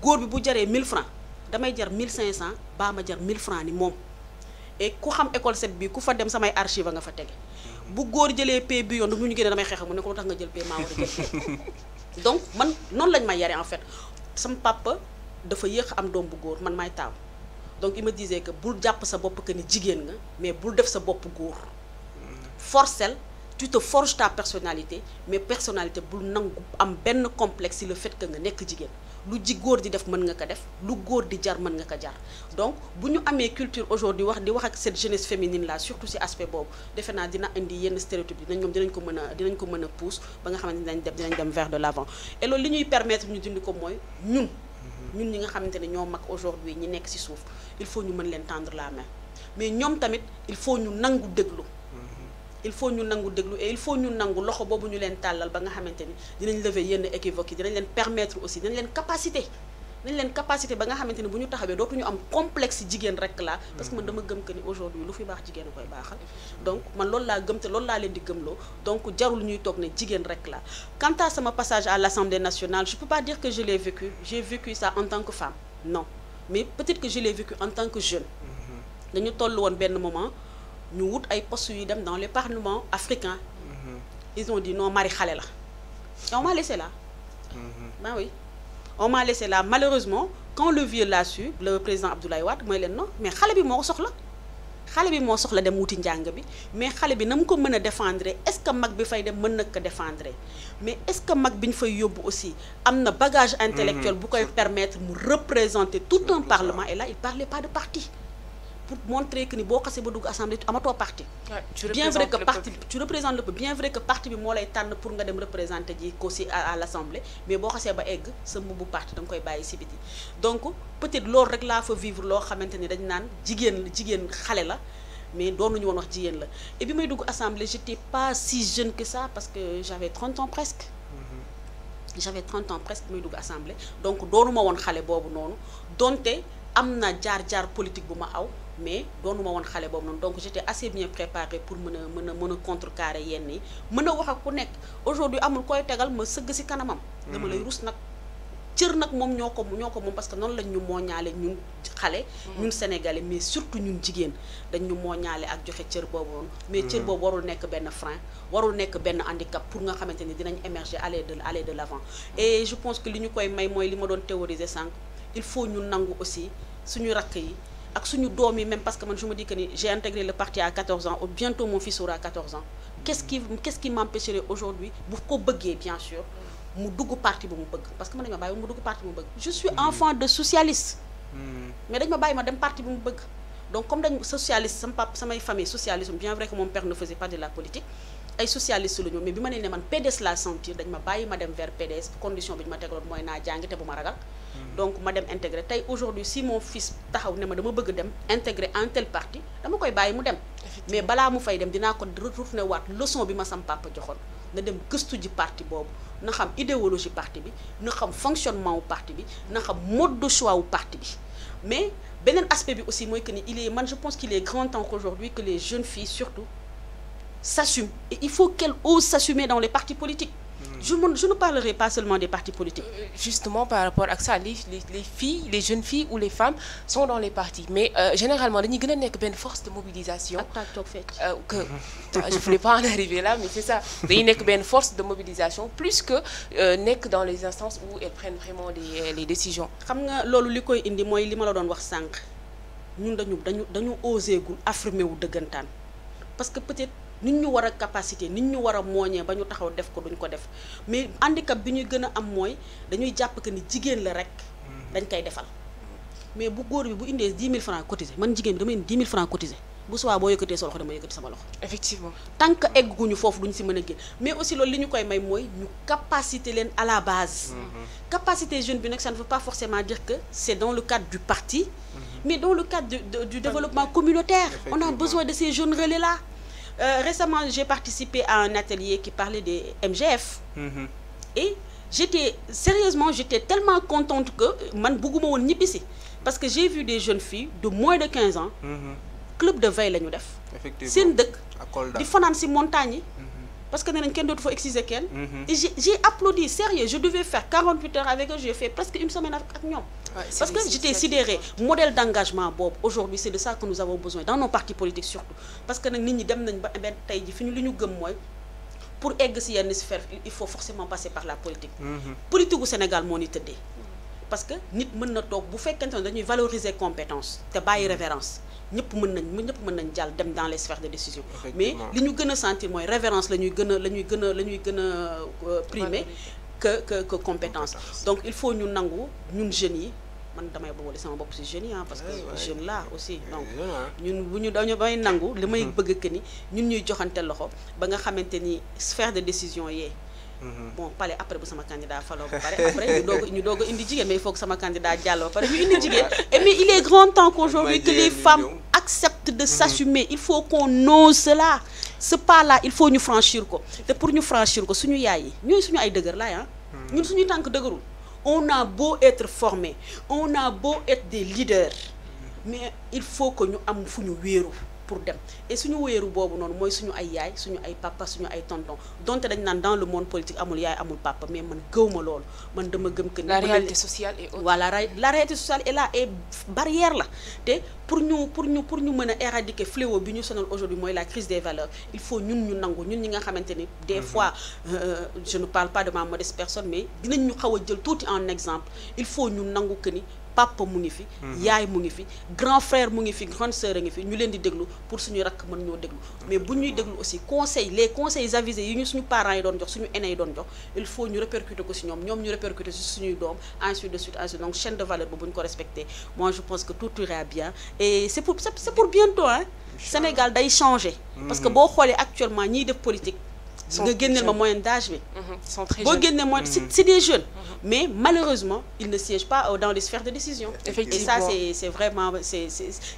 goor bi bu jaree 1000 francs damay jar 1500 baa ma jar 1000 francs ni moom et ku xam école set bi ku fa dem samay archive nga fa tege bu góor jëlee pay bi yoon du mu ñu génne damay xeex mu ne ko lu tax nga jël pay maa war a donc man noonu lañ may yare en fait sama papa dafa yéex am doom bu góor man may taaw donc il me disait que bul jàpp sa bopp que ni jigéen nga mais bul def sa bopp góor forcel tu te forges ta personnalité mais personnalité bul nangu am benn complexe si le fait que nga nekk jigéen lu ji góor di def mën nga ko def lu góor di jar man nga ko jar donc buñu amé culture aujourd'hui wax di wax ak cette jeunesse féminine là surtout ci aspect bobu defe na dina indi yenn stéréotypes dinañ ñoom dinañ ko mën dinañ ko mën pousse ba nga xamanteni dinañ dem dinañ dem vers de l'avant et loolu li ñuy permettre ñu dindi ko mooy ñun ñun ñi nga xamanteni ne ñoo mag aujourd'hui ñi nekk ci suuf il faut ñu mën leen tendre la main mais ñom tamit il faut ñu nangu déglu il faut ñu nangu deglu et il faut nous nangu loxo bobu ñu leen talal ba nga xamanteni dinañ lever yenn équivoque dinañ leen permettre aussi dinañ leen capacité dinañ leen capacité ba nga xamante ni bu ñu am complexe jigen rek la parce que man dama gëm que ni aujourd'hui lu fi baax jigen koy baaxal donc man lool la gëm te lool la leen di donc jarul ñuy tok ne jigen rek la quant à sama passage à l'Assemblée nationale je peux pas dire que je l'ai vécu j'ai vécu ça en tant que femme non mais peut-être que je l'ai vécu en tant que jeune mm-hmm. dañu tollu won benn moment nous avons ay postes dans le parlement africain mhm. ils ont dit non Marie là. la on m'a laissé là mhm. ben oui on m'a laissé là malheureusement quand le vieux l'a su le président Abdoulaye Wade a dit non mais Khalé bi moo là. soxla xale bi là soxla dem mais Khalé bi na mu ko défendre est-ce que Mac bi fay défendre mais est-ce que Mac bi aussi un bagage intellectuel pour mhm. permettre de représenter tout un parlement et là il parlait pas de parti pour montrer que ni boo xasee ba dugg assemblée amatoo parti. bien vrai que parti tu représentes le peuple bien vrai que parti bi moo lay pour nga représenter ji ko à l'Assemblée, mais si xasee ba egg sa mbubbu parti da nga koy bàyyi si biti. donc peut-être loolu rek laa fa vivre loo xamante ni dañ naan jigéen jigéen xale la mais doonuñu woon wax jigéen la et bi may dugg assemblée je n'étais pas si jeune que ça parce que j'avais 30 ans presque. Mm-hmm. j'avais 30 ans presque muy dugg assemblée donc doonu ma woon xale boobu non donc amna na jaar-jaar politique buma aw mais doonuma woon xalé boobu donc j'étais assez bien préparée pour me me me contrecarrer yenn yi meuna wax ak ku nekk aujourd'hui amul koy tégal ma seug ci kanamam dama lay mm-hmm. rouss nak cieur nak mom ñoko ko parce que non lañ ñu moñalé ñun xalé mm-hmm. ñun sénégalais mais surtout ñun jigen dañ ñu moñalé ak joxe cieur bobu mais cieur mm-hmm. bobu warul nek ben frein warul nek ben handicap pour nga xamanteni dinañ émerger aller de aller de l'avant et je pense que li ñu koy may moy li ma doon théoriser sank il faut ñu nangu aussi suñu rak yi ak suñu même parce que man je me dis que j'ai intégré le parti à 14 ans bientôt mon fils aura 14 ans qu'est-ce qui quest qui m'empêcherait aujourd'hui bu ko bien sûr mu dugg parti bu mu parce que man dañ ma mu dugg parti mu je suis mm. enfant de socialiste mm. mais dañ ma bàyyi ma dem parti bu mu donc comme dañ socialiste sama m'a samay famille socialiste bien vrai que mon père ne faisait pas de la politique ay socialiste la ñu mais bi ma nee man PDS la sentir dañ ma bàyyi ma dem vers PDS condition bi ñu ma tegaloon mooy naa jàngi bu ma ragal donc ma dem intégré aujourd'hui si mon fils taxaw ne ma dama bëgg dem intégré en tel parti dama koy bàyyi mu dem mais bala mu fay dem dina ko retourné wat leçon bi ma sam papa joxoon na dem gëstu ji parti bobu na xam idéologie parti bi na xam fonctionnement wu parti bi na xam mode de choix wu parti bi mais benen aspect bi aussi moy que ni il est man je pense qu'il est grand temps qu'aujourd'hui que les jeunes filles surtout s'assument et il faut qu'elles osent s'assumer dans les partis politiques je ne parlerai pas seulement des partis politiques. Euh, justement par rapport à ça les filles les jeunes filles ou les femmes sont dans les partis mais euh, généralement il n'y a une force de mobilisation. je euh, que ah, je voulais pas en arriver là mais c'est ça dañuy a une force de mobilisation plus que dans les instances où elles prennent vraiment les décisions. xam nga parce que peut-être. Nous avons des capacités, capacité nous ñu moyens, a nous taxaw def mais handicap nous avons des moyens, nous avons dañuy jàpp que ni faire. la rek mm-hmm. dañ koy defal mais bu góor bi bu 10 000 francs cotisés. man jigéen bi 10 000 francs cotisés, bu subaa boo yëkkatee sa loxo dama effectivement tant que egguñu foofu duñ si mën mais aussi loolu li ñu koy may mooy ñu capacité à la base. Mm-hmm. capacité jeune ça ne veut pas forcément dire que c'est dans le cadre du parti. Mm-hmm. mais dans le cadre du développement communautaire. on a besoin de ces jeunes relais là. Euh, récemment, j'ai participé à un atelier qui parlait des MGF. Mhm. Et j'étais, sérieusement, j'étais tellement contente que, man, parce que j'ai vu des jeunes filles de moins de 15 ans, mhm. club de veille, C'est parce que nous avons faut exciser qu'elle. J'ai applaudi, sérieux, je devais faire 48 heures avec eux, j'ai fait presque une semaine avec eux. parce que j'étais sidéré. Modèle d'engagement, Bob, aujourd'hui, c'est de ça que nous avons besoin, dans nos partis politiques surtout. Parce que nous ben, avons pour il faut forcément passer par la politique. Mhm. Politique au Sénégal, mon parce que nous avons valoriser les compétences, les mhm. révérences ñëpp mën nañ ñëpp mën nañ dem dans les sphères de décision mais li ñu gën a sentir mooy révérence la ñuy gën a la ñuy gën la ñuy gën euh, primer que que que compétence donc il faut ñu nangu ñun génie yi man damay boole sama bopp ci génie hein parce que jeune là aussi donc hein. ñun bu ñu dañu bay nangu li may hum. bëgg que ni ñun ñuy joxanté loxo ba nga xamante ni sphère de décision yé Mhm. bon parler après bu sama candidat faloo après ñu mais il faut que sama candidat diallo ba pare ñu indi mais il est grand temps qu'aujourd'hui que les femmes acceptent de mhm. s'assumer il faut qu'on ose cela ce pas là il faut nous franchir ko te pour nous franchir ko suñu yaay yi nous suñu ay deuguer laay hein ñun suñu tank on a beau être formé on a beau être des leaders mais il faut que nous am fuñu ñu pour dem et suñu wéeru bobu non moy suñu ay yaay suñu ay papa suñu ay tonton donte dañ naan dans le monde politique amul yaay amul papa mais man gëwma lool man dama gëm que la réalité sociale est autre voilà la réalité sociale est là et barrière la té pour ñu pour ñu pour ñu mëna éradiquer fléau bi ñu sonal aujourd'hui moy la crise des valeurs il faut ñun ñu nangu ñun ñi nga xamanteni des mhm. fois euh, je ne parle pas de ma modeste personne mais dinañ ñu xawa jël touti en exemple il faut ñu nangu que ni papa mu ngi fi mhm. yaay fi grand frère mu grande sœur a ngi fi ñu leen di déglu pour suñu rak mën ñoo déglu mais bu déglu aussi conseil les conseils avisés yi ñu suñu parents yi doon jox suñu aînés yi doon jox il faut ñu répercuter ko nous ñom ñom ñu répercuter ainsi de suite, ensuite de suite ensuite donc chaîne de valeur boobu bu ko respecter moi je pense que tout ira bien et c'est pour c'est pour bientôt hein Sénégal day changer parce que mm. bo xolé actuellement ñi def politique ils moyens d'âge ils c'est des jeunes mhm. mais malheureusement ils ne siègent pas euh, dans les sphères de décision effectivement et ça c'est vraiment c'est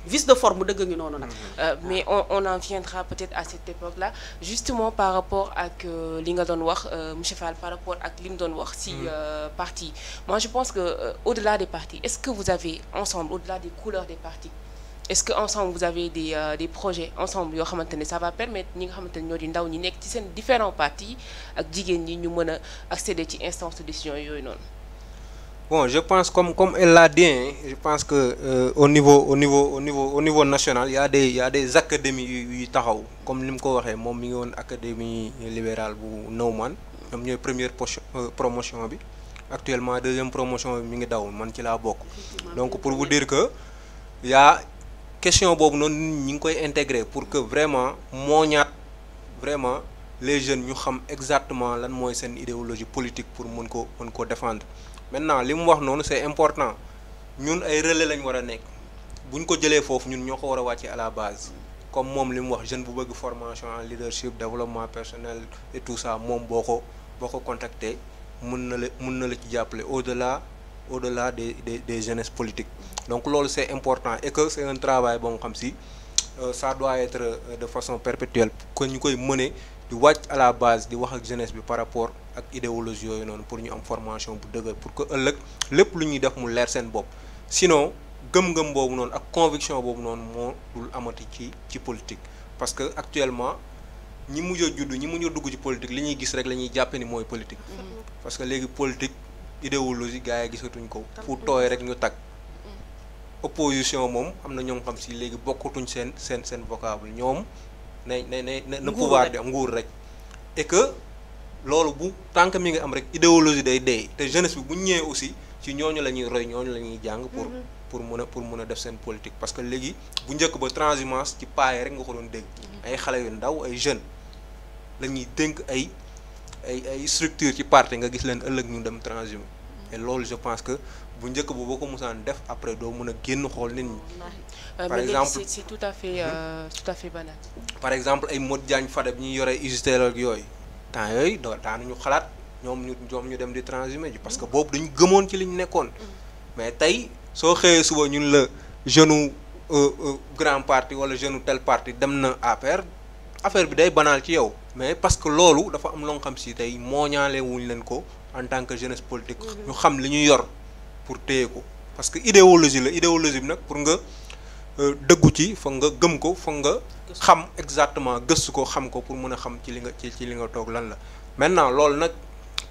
vice de forme mhm. euh, mais ah. on en viendra peut-être à cette époque là justement par rapport à que euh, nga noir, wax par rapport à li si si mhm. parti moi je pense que au-delà des partis est-ce que vous avez ensemble au-delà des couleurs des partis est-ce que ensemble vous avez des euh, des projets ensemble yo ça va permettre ñi nga xamante ñoo di ndaw ñi ci différents partis ak jigen ñi ñu accéder ci instance de décision yoy non. bon je pense comme comme elle l'a dit hein, je pense que euh, au niveau au niveau au niveau au niveau national il y a des il y a des académies yu taxaw comme ni ko waxee mom mi ngi académie libérale bu Nauman ñoom ñooy première euh, promotion bi actuellement deuxième promotion bi mi ngi daw man ci la bok. donc pour vous dire que il y a question bobu non ñu ngi koy intégrer pour que vraiment moo vraiment les jeunes ñu xam exactement lan moy sen idéologie politique pour mën ko mën ko défendre maintenant li wax non c'est important ñun ay relais lañ wara nek buñ ko jëlé foofu ñun ñoko wara war à la base comme mom li wax jeune bu bëgg formation en leadership développement personnel et tout ça mom boko boko contacter mën na la mën na la ci jàppale au-delà au-delà des des des jeunesses politiques donc c'est important et que c'est un travail bon comme si euh, ça doit être euh, de façon perpétuelle que nous koy di à la base de wax ak jeunesse par rapport à idéologie pour nous pour une am formation bu pour que le plus lu ñuy def mu leer sinon gëm-gëm boobu non ak conviction boobu non mo dul amati ci ci politique parce que actuellement ñi mu a judd ñi mu ñu dugg ci politique li ñuy gis rek la ni moy politique mm-hmm. parce que légui politique idéologie gaay yi gisatuñ ko fu toy rek ñu tak opposition moom am na ñoo xam si léegi bokkatuñ seen seen seen vocable ñoom na na na na pouvoir di nguur rek et que loolu bu tànk mi ngi am rek idéologie day dee te jeunesse bi bu ñëwee aussi ci ñooñu la ñuy roy ñooñu la ñuy jàng pour mhm. pour mën a pour mën a def seen politique parce que léegi bu njëkk ba transhumance ci paaye rek nga ko doon dégg mhm. ay xale yu ndaw ay jeunes la ñuy dénk ay ay ay structure ci parti nga gis leen ëllëg ñu dem transhumé et loolu je pense que bu ñëk bu boo musaan def après do mëna a génn xool nit ñi. par euh, exemple c'est tout à fait euh, hmm? tout à fait banal. par exemple ay mod jañ Fada bi ñi yoré usiteel ak tan yoy do doo ñu xalat ñom ñu ñom ñu dem di transhumé ji parce que hmm? bobu dañu gëmon ci li nekkon hmm. mais tay so xëyee suba ñun la jeune euh, euh, grand parti wala jeune tel parti dem na APR affaire bi day banal ci yow. mais parce que lolu dafa am loo xam ci tay moñalé wuñ leen ko en tant que jeunesse politique. ñu xam li ñu yor. pour téye ko parce que idéologie la idéologie bi nag pour nga euh, dëggu ci foog nga gëm ko foog nga xam exactement gëstu ko xam ko pour mën a xam ci li nga ci ci li nga toog lan la maintenant loolu nag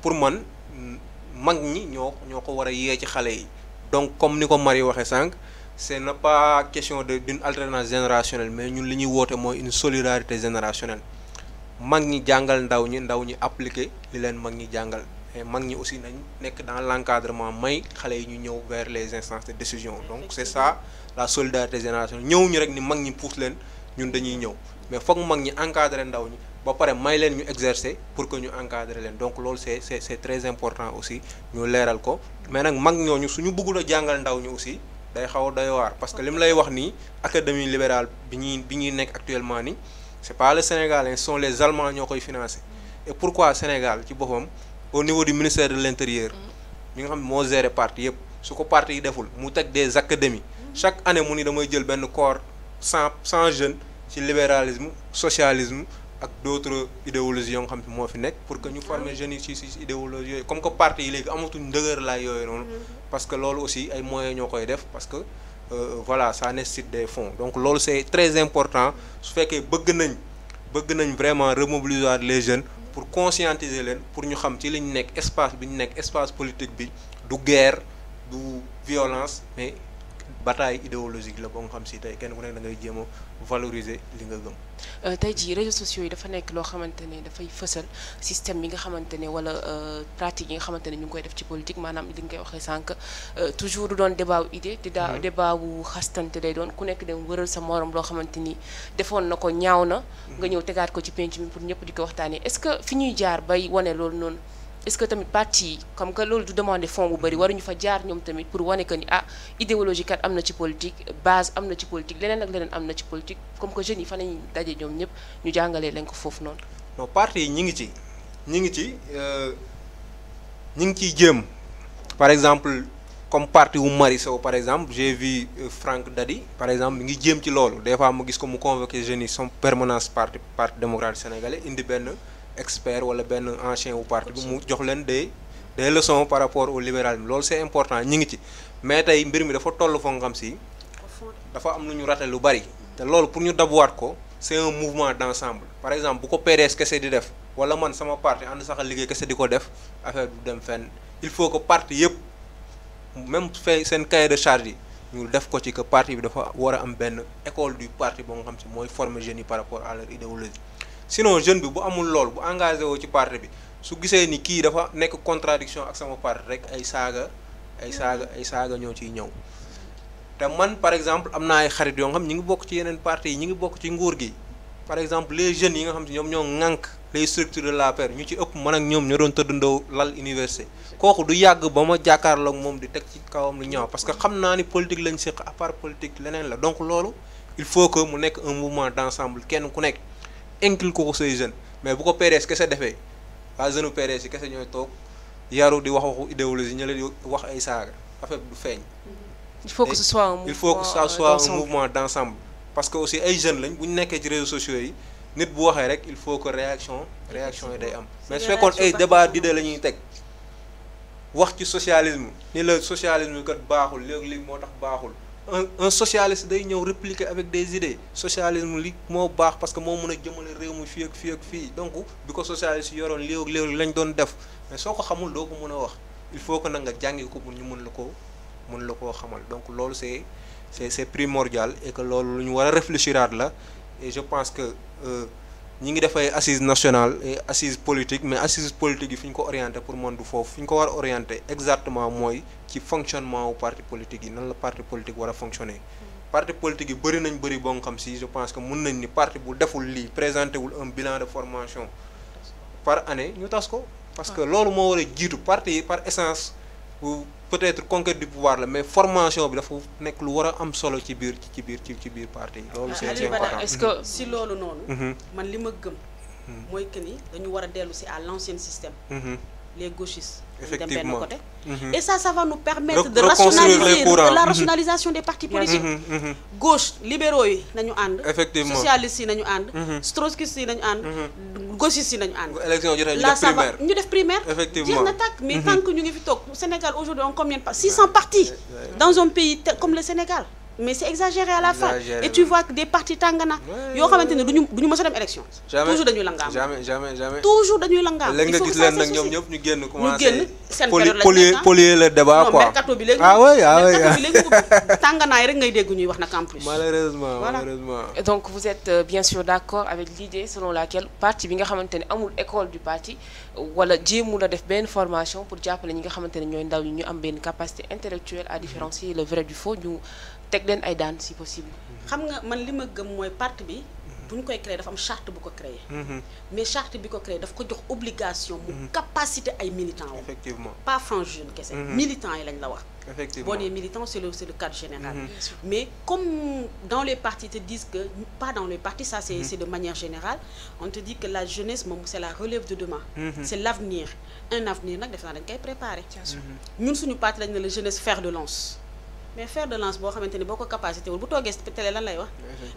pour man mm, mag ñi ñoo ñoo ko war a yee ci xale yi donc comme ni ko Marie waxee sànq c'est n'est pas question de d'une alternance générationnelle mais ñun li ñuy woote mooy une solidarité générationnelle mag ñi jàngal ndaw ñi ndaw ñi appliquer li leen mag ñi jàngal mag ñi aussi nañ nekk dans l'encadrement may xalé yi ñu ñëw vers les instances de décision donc c'est ça la solidarité génération ñëw ñu rek ni mag ñi pousse leen ñun dañuy ñëw mais foog mag ñi encadrer ndaw ñi ba pare may leen ñu exercer pour que ñu encadrer leen donc loolu c' est c' est très important aussi ñu leeral ko mais nag mag ñooñu suñu bëggul a jàngal ndaw ñi aussi day xaw a doy waar parce que lim lay wax nii académie libérale bi ñuy bi ñuy nekk actuellement nii c' est pas le Sénégalais hein, ce sont les Allemands ñoo koy et pourquoi Sénégal ci boppam au niveau du ministère de l'Intérieur, Nous mi nga xam Ce géré parti partis. su parti yi des académies chaque année nous avons un jël corps sans jeunes, jeunes le libéralisme le socialisme et d'autres idéologies comme moi pour que nous ñu des ah jeunes idéologiques. ci ci comme que parti il léegi nous ndëgër laay là. parce que loolu aussi ay moyens de faire parce que euh, voilà ça nécessite des fonds donc c'est c'est très important Ce qui fait que nous nañ vraiment remobiliser les jeunes pour conscientiser leen pour ñu xam ci li ñu nekk espace bi ñu nekk espace politique bi du guerre du violence mais bataille idéologique la ba nga xam si tey kenn ku nekk da ngay jéem a valoriser li nga gëm. Euh, tey jii réseaux sociaux yi dafa nekk loo xamante ne dafay fësal système bi nga xamante ne wala euh, pratique yi nga xamante ne ñu ngi koy def ci politique maanaam li nga koy waxee sànq euh, toujours doon débat wu idée. di daa mm-hmm. débat day doon ku nekk dem wëral sa morom loo xamante ni defoon na ko ñaaw na. nga mm-hmm. ñëw tegaat ko ci penc mi pour ñëpp di ko waxtaanee est-ce que fi ñuy jaar bay wane loolu noonu. est-ce que tamit parti yi comme que loolu du demander fonds bu war waruñu fa jaar ñoom tamit pour wane que ni ah idéologie kat am na ci politique base am na ci politique leneen ak leneen am na ci politique comme que jeunes yi fan la ñuy ñoom ñëpp ñu jàngalee leen ko foofu noonu. non parti yi ñu ngi ci ñu ngi ci euh, ñu ngi ciy jéem par exemple comme parti wu Marie Sow par exemple j'ai vu euh, Franck par exemple mi ngi jëm ci loolu des fois mu gis ko mu convoqué jeunes yi son permanence parti parti démocrate sénégalais indi benn. expert wala benn ancien wu parti bi mu jox leen des des leçons par rapport au libéralisme lool c'est important ñi ngi ci mais tey mbir mi dafa toll foo xam si dafa am na ñu rate lu bari te loolu pour ñu dabuwaat ko c'est un mouvement d'ensemble par exemple bu ko PDS kese di def wala man sama parti ànd saxal liggéey kese di ko def affaire du dem fenn il faut que parti yëpp même fay seen cahier de charge yi ñu def ko ci que parti bi dafa war a am benn école du parti boo nga xam si mooy former jeunes yi par rapport à leur sinon jeune bi bu amul lool bu engagé wo ci parti bi su gisee ni kii dafa nekk contradiction ak sama parti rek ay saaga ay saaga ay saaga ñoo ciy ñëw te man par exemple am naa ay xarit yoo xam ñi ngi bokk ci yeneen parti yi ñi ngi bokk ci nguur gi par exemple les jeunes yi nga xam si ñoom ñoo ŋànk les structures de paix ñu ci ëpp man ak ñoom ñoo doon tëddandoo lal université kooku du yàgg ba ma jàkkaarloog moom di teg ci kawam lu ñaaw parce que xam naa ni politique lañ séq à part politique leneen la donc loolu il faut que mu nekk un mouvement d'ensemble kenn ku nekk inculque ko say jeunes mais bu ko PDS kese defee waa jeune PDS yi kese ñooy tok yaru di wax waxu idéologie ñu leen wax ay saaga affaire du feeñ. il faut que ce soit un il faut que ça soit un mouvement d'ensemble parce que aussi ay jeunes lañ bu ñu ci réseaux sociaux yi nit bu waxé rek il faut que réaction réaction yi day am. mais su fekkoon ay débat d'idées la ñuy teg wax ci socialisme ni le socialisme kat baaxul leg leg motax baaxul un socialiste day ñëw répliquer avec des idées socialisme li mo baax parce que mo mën a réew mu fi ak fi ak fi donc biko socialiste yoron lii ak lii lañ doon def mais soko xamul do ko mën wax il faut que nag nga jàngi ko pour ñu mën lako ko mën xamal donc loolu c'est c'est c'est primordial et que loolu lu ñu réfléchir a réfléchiraat la et je pense que. Euh, nous avons fait ay assises nationales et assise politique, mais assises politiques yi fi ko pour monde du foofu ko exactement moi qui fonctionnement au parti politique yi le parti politique war a fonctionner. parti politique yi nañ comme si je pense que le parti bu deful présenter un bilan de formation par année ñu tas parce que ah. loolu moo war parti par essence peut-être conquête du pouvoir la mais formation bi dafa nekk lu war a am solo ci biir ci biir ci biir parti loolu mm-hmm. si loolu noonu. Mm-hmm. man li ma gëm. Mm-hmm. mooy que ni dañu war a dellu si à l'ancien système. les effectivement mhm. et ça ça va nous permettre de rationaliser la mhm. rationalisation des partis mhm. politiques gauche libéraux nañu and effectivement socialistes yi nañu ànd trotskistes yi nañu gauchistes yi nañu la ça va ñu def primaire effectivement mais tant que ñu ngi fi au Sénégal aujourd'hui on combien pas. 600 partis dans un pays comme le Sénégal mais c'est exagéré à la fin. Et tu vois que des partis tangana, yo xamantene duñu duñu mësa dem élection. Toujours dañuy langa. Jamais jamais jamais. Toujours dañuy langam. Légui nga gis leen nak ñom ñep ñu génn commencé. Polier ah. polier le débat quoi. Mercato Ah oui ah oui. Ah. Tangana bi tangana rek ngay dégg ñuy wax nak en plus. Malheureusement malheureusement. Donc vous êtes euh, bien sûr d'accord avec l'idée selon laquelle parti bi nga xamantene amul école du parti wala jéemu la def benn formation pour dire ñi nga xamantene ñoy ndaw ñu am capacité intellectuelle à différencier le vrai du faux ñu teg leen ay dan si possible. xam nga man lima gëm moy parti bi. buñ koy créer dafa am charte bu ko créer mhm. mais charte bi ko créer daf ko jox obligation mu mhm. capacité ay militants effectivement pas franc jeune kese mhm. militants yi lañ la wax effectivement bon nee militant c'est le c'est le cadre général mais comme dans les partis te disent que pas dans les partis ça c'est c'est de manière générale on te dit que la jeunesse mom c'est la relève de demain c'est l'avenir un avenir nak def naa dañ koy préparer ñun suñu parti lañ la jeunesse faire de lance mais faire de lance il y a de de capacité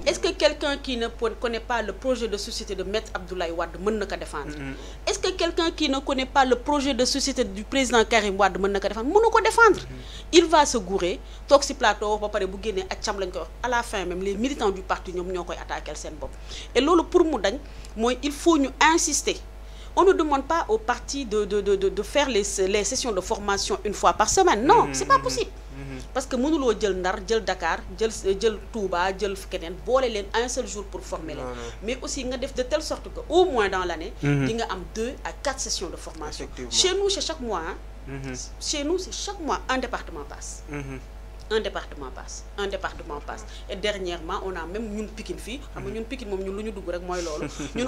est-ce que quelqu'un qui ne connaît pas le projet de société de maître Abdoulaye Wade peut pas défendre mm-hmm. est-ce que quelqu'un qui ne connaît pas le projet de société du président Karim Wade peut pas le défendre le défendre mm-hmm. il va se gourer toog si plateau on ba à la fin même les militants du parti ñoom ñoo koy attaquer le et là, pour mu il faut insister on ne demande pas au parti de faire les les sessions de formation une fois par semaine non mm-hmm. c'est pas possible Mhm. parce que nous jël Ndar jël Dakar jël jël Touba jël Kenen, bolé len un seul jour pour former mais aussi nga def de telle sorte que au moins dans l'année mhm. di nga am deux à quatre sessions de formation chez nous c'est chaque mois hein. mhm. chez nous c'est chaque mois un département passe un département passe un département passe et dernièrement on a même une Pikine fille on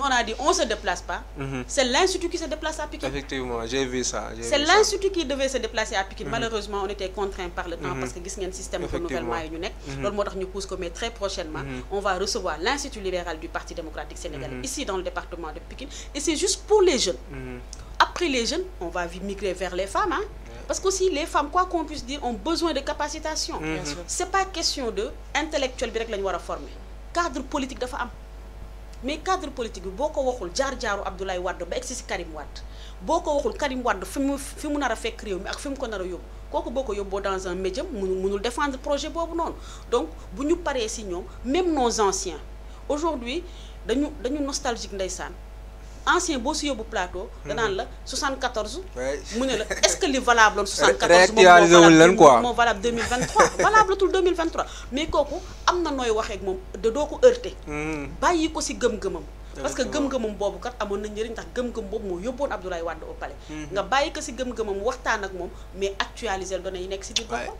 a dit on se déplace pas mhm. c'est l'institut qui se déplace à Pikine effectivement j'ai vu ça c'est l'institut qui devait se déplacer à Pikine mhm. malheureusement on était contraint par le temps mhm. parce que a un système renouvellement yi ñu très prochainement on va recevoir l'institut libéral du Parti démocratique sénégalais ici dans le département de Pikine et c'est juste pour les jeunes après les jeunes on va migrer vers les femmes hein parce aussi les femmes, quoi qu'on puisse dire, ont besoin de capacitation. Mm -hmm. Ce n'est pas question de intellectuel que nous devons former. cadre politique de femmes mais cadre politique bi boo waxul jaar Abdoulaye Wade ba egsi Karim Wade beaucoup waxul Karim Wade fi mu nara a fait réew mi ak fi ko nar a yóbbu kooku boo beau dans un médium nous munul défendre projet boobu donc vous nous paree si même nos anciens aujourd'hui dañu dañu nostalgique ndeysaan ancien boo si plateau plateau. Hmm. nan la 74. mu la est-ce que li valable loon 74. réactivalisé quoi valable 2023 valable tout 2023 mais kooku amna noy waxe ak mom de doko ko bayiko hmm. bàyyi ko si parce que gem gemam bobu kat amoon na njëriñ ndax gëm-gëm boobu Abdoulaye Wade au palais. Hmm. nga bayiko ko si gëm-gëmam waxtaan ak mom mais actualiser données yi nekk si biir boppam.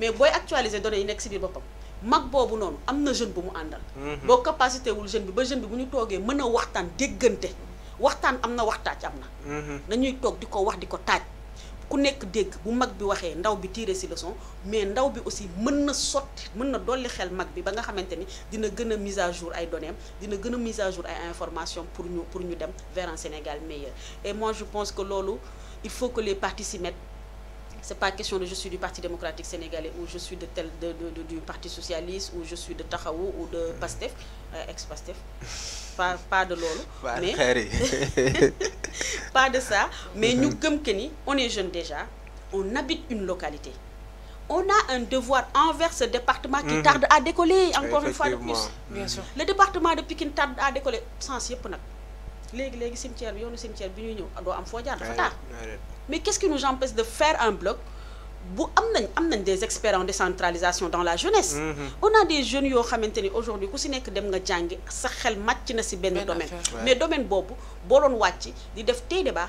mais boy actualiser données yi nekk si biir bopam mag bobu non amna jeune bu mu andal bo capacité wul jeune bi ba jeune bi bu ñu toogee mën a waxtaan amna na waxtaaj amna mhm. dañuy tok diko di ko wax di ko taaj ku nek deg bu mag bi waxe ndaw bi tire ci leçon mais ndaw bi aussi meuna soti meuna doli xel mag bi ba nga xamanteni ni dina gën a mise à jour ay données dina gën mise à jour ay information pour ñu pour ñu dem vers un Sénégal meilleur et moi je pense que lolu il faut que les parties s'y mettent c'est pas question de je suis du Parti démocratique sénégalais ou je suis de tel du Parti socialiste ou je suis de Tahaou ou de Pastef euh, ex-Pastef pas de lolo, mais pas de ça mais nous comme Kenny, on est jeunes déjà on habite une localité on a un devoir envers ce département qui mhm. tarde à décoller encore une fois de plus bien sûr le département de Pikine tarde à décoller sans yëpp les cimetières, les Les les cimetières, les bi les cimetières, les am les cimetières, les tar mais qu'est-ce qui nous empêche de faire un bloc pour amener des experts en décentralisation dans la jeunesse. Mm-hmm. on a des jeunes qui ont été aujourd'hui ku si nekk dem nga jàngi sa xel na Mais domaine mais domaine été en train de di faire des débat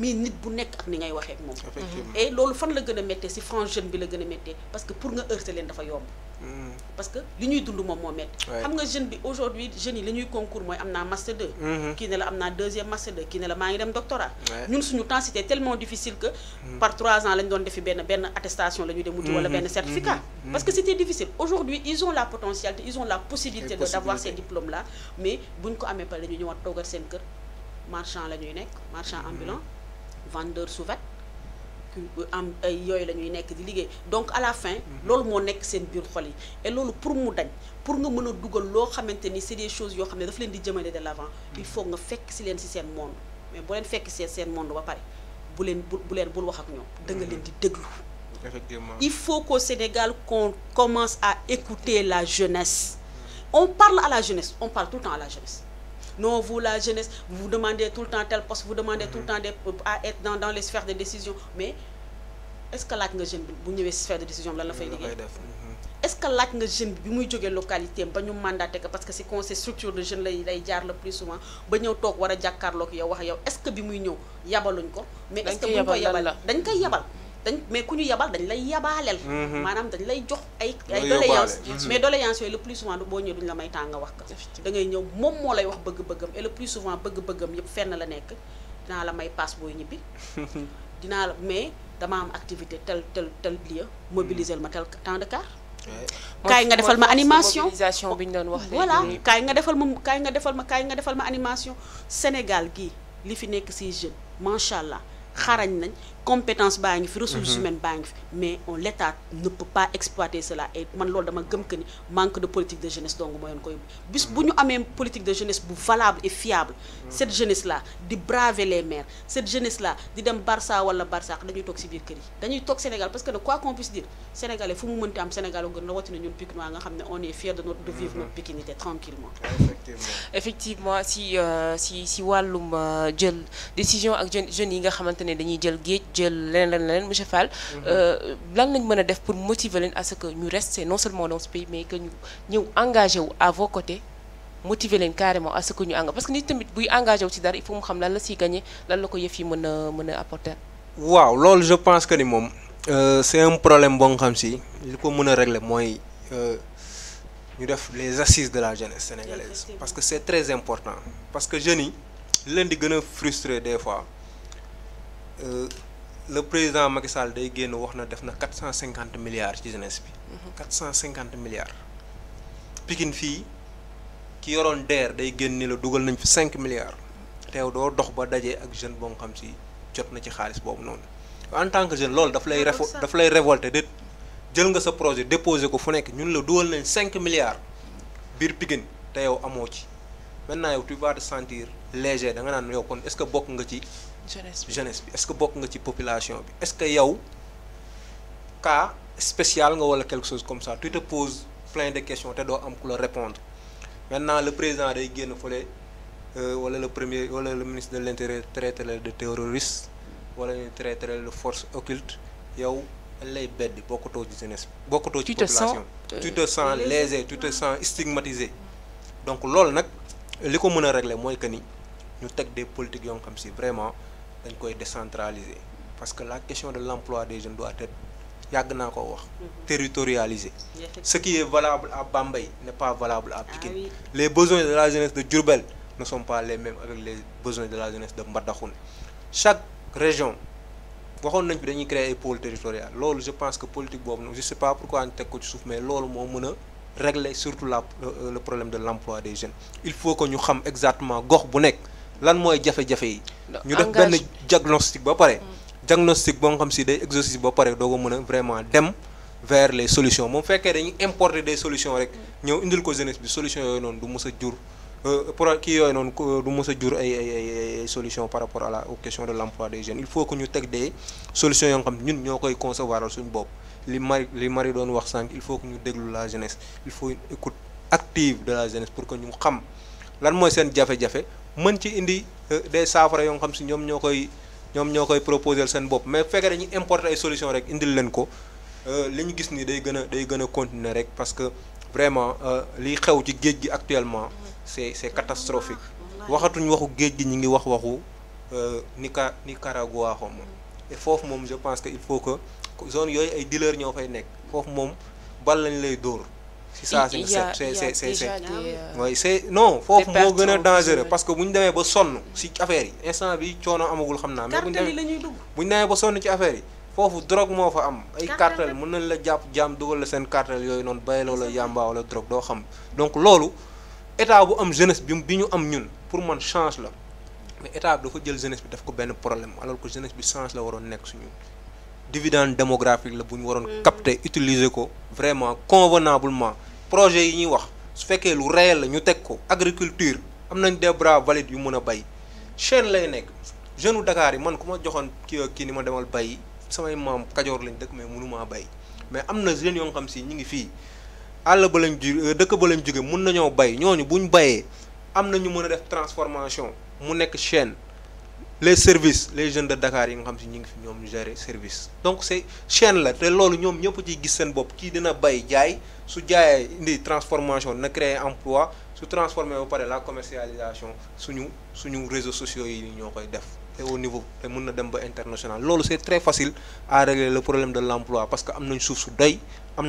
mais nit bu nekk ak ni ngay waxe ak mom et loolu fan la gën a ci franc jeune bi la gën a parce que pour nga heurter leen dafa yomb. Hmm. parce que li ñuy dund mom mo métti. xam nga jeune bi aujourd'hui jeune yi li ñuy concours moy amna master 2. Hmm. kii ne la amna naa deuxième master 2 kii ne la maa ngi dem doctorat. ñun suñu temps c'était tellement difficile que. Hmm. par 3 ans lañ doon defi ben ben attestation lañu dem wuti wala ben certificat. parce que c'était difficile aujourd'hui ils ont la potentialité ils ont la possibilité. de d'avoir ces diplômes là mais buñ ko amé pare lañu ñëwaat toogal seen kër marchand lañuy nek marchand ambulant vendeurs souvent donc à la fin que nous une xol et pour mu dañ pour nga mëna a lo xamanteni c'est des choses yo xamné daf leen di de l'avant mhm. il faut nga fekk leen monde mais leen fekk monde ba bu leen bu leen wax il faut qu'au Sénégal qu'on commence à écouter la jeunesse mhm. on parle à la jeunesse on parle tout le temps à la jeunesse non, vous, la jeunesse, vous demandez tout le temps tel poste, vous demandez tout le temps d'être euh, à être dans, dans, les sphères de décision. Mais est-ce que la jeune, vous n'avez sphère de décision, là, la mhm. est-ce que laaj jeunes jeune bi muy localité vous avez que parce que ces conseil structure de jeunes qui lay le plus souvent ba ñëw toog en a de yow wax est-ce que bi mais est-ce que buñ ko dañ mais ku ñu yabal dañ lay yabaaleel mhm. maanaam dañ lay jox ay ay mais mhm. doléance yooyu le plus souvent boo ñëwee duñ la may temps nga wax ka da ngay ñëw moom moo lay wax bëgg-bëggam et le plus souvent bëgg-bëggam yëpp fenn la nekk dinaa la may passe booy ñibbi dinaa la mais dama am activité tel tel tel lieu mhm. mobiliser ma tel temps de car kaay nga defal ma animation mobilisation bi ñu doon wax voilà kaay nga defal ma kaay nga defal ma kaay nga defal ma animation Sénégal gii li fi nekk si jeune macha allah xarañ nañ compétence baa ressources mhm. humaines mais on l'état ne peut pas exploiter cela et man loolu dama gëm que manque de politique de jeunesse donc nous koy bis buñu amé politique de jeunesse bu valable et fiable mhm. cette jeunesse là di braver les mères, cette jeunesse là di dem Barça wala Barça dañuy tok ci biir kër dañuy Sénégal parce que quoi qu'on puisse dire sénégalais fu mu mënti am Sénégal gën na ñun Pikinois nga xamné on est fier de notre de vivre mhm. notre pikinité tranquillement effectivement si euh, si si walum euh, jël décision ak jeunes yi nga xamantene dañuy jël je leneen leneen leneen monsieur Fall. Mhm. Euh, lan lañ mën def pour motiver leen à ce que ñu rester non seulement dans ce pays mais que ñu nous engagé wu à vos côtés motiver leen carrément à ce que ñu engagé parce que nit tamit buy engagé wu ci dara il faut mu xam lan la siy gagné lan la ko yëf yi apporter. waaw loolu je pense que ni moom. Euh, c'est un problème boo nga xam si li ko mën a réglé euh, ñu def les assises de la jeunesse sénégalaise parce que c'est très important parce que jeunes yi leen di gën frustré des fois. le président Macky Sall day génn wax na def na quatre cent cinquante milliards ci jeunesse bi. Mhm. quatre cent cinquante milliards. Pikine fii ki yoroon DER day génn ni la dugal nañ fi cinq milliards. teew doo dox ba daje ak jeune boo xam si jot na ci xaalis boobu noonu en tant que jeune loolu daf lay. Ah, daf lay révolté de jël nga sa projet déposé ko fu nekk ñun la dugal nañ cinq milliards biir Pikine te yow amoo ci. maintenant yow tu vas te sentir léger da nga naan yow kon est-ce que bokk nga ci. jeunesse jeunesse bi est-ce que bokk nga ci population bi est-ce que yow cas spécial nga wala quelque chose comme ça tu te poses plein de questions te doo am ku la répondre maintenant le président day génn euh, wala le premier wala le ministre de l'intérieur traité la de terroriste wala ñu traité la de force occulte yow lay beddi bokkatoo ci jeunesse bi bokkatoo ci population tu te sens euh, léger tu te ah. sens stigmatisé donc loolu nag ce ko mën régler nous que des politiques qui sont si vraiment dañ parce que la question de l'emploi des jeunes doit être mhm. territorialisée. ce qui est valable à Bambay n'est pas valable à ah Pikine les besoins de la jeunesse de Diourbel ne sont pas les mêmes que les besoins de la jeunesse de Mbadakhoun. chaque région waxoon on créé dañuy créer pôle territorial je pense que politique je ne je sais pas pourquoi on teg ko ci mais que je veux régler surtout euh, euh, le problème de l'emploi des jeunes il faut que nous sachions exactement ce bu nous lan fait. Nous avons yi ñu def benn diagnostic ba pare mm. diagnostic boo si des exhaustif ba pare vraiment dem vers les solutions moom fekkee dañuy importer des solutions rek mm. ñëw indil ko jeunesse bi solution solutions non, du pour qui non nous du solution par rapport à la aux questions de l'emploi des jeunes il faut que nous teg des solutions nous nous ñun ñoo koy concevoir li mari li Marie doon wax sànq il faut que ñu déglu la jeunesse il faut une écoute active de la jeunesse pour que ñu xam lan mooy seen jafe-jafe mën ci indi euh, des saafara yoo xam si ñoom ñoo koy ñoom ñoo koy proposer seen bopp mais fekkee dañuy importer ay solution rek indil leen ko euh, li ñu gis nii day gën a day gën a continuer rek parce que vraiment euh, liy xew ci géej gi actuellement c'est c'est catastrophique waxatuñu waxu géej gi ñu ngi wax waxu Nica Nicaragua xaw ma et foofu moom je pense que il faut que zone yooyu ay dealer ñoo fay nekk foofu moom bal lañu lay dóor si saa si nga seet c'est c'est c'est mooy c'est non foofu moo gën a dangereux parce que bu ñu demee ba sonn si affaire yi instant bi coono amagul xam naa mais bu demee bu ñu demee ba sonn ci affaire yi foofu drogue moo fa am ay cartel mën nañ la jàpp jaam dugal la seen cartel yooyu noonu bayloo la yàmbaa wala drogue doo xam donc loolu état bu am jeunesse bi bi ñu am ñun pour man change la mais état bi dafa jël jeunesse bi daf ko benn problème alors que jeunesse bi change la waroon nekk suñu dividende démographique la utilisé capte utiliser vraiment convenablement projet yi wax réel agriculture am des bras valides yu mëna bay chaîne lay nekk jeune Dakar man kuma ma ki ni ma demal bay sama dëkk mais mënuma bay mais amna jeune yo xam si ñi ngi fi ala ba lañ euh, dëkk ba lañ bay buñ def transformation mu chaîne les services les jeunes de Dakar yi nga xam si services. ngi fi donc c'est chaîne la chaîne ce ñoom ñëpp ciy gis seen Nous avons dina bay jaay su indi transformation créer emploi su transformer ba la commercialisation sur suñu réseaux sociaux yi ont au niveau international c'est très facile à régler le problème de l'emploi parce que y a suuf su doy y a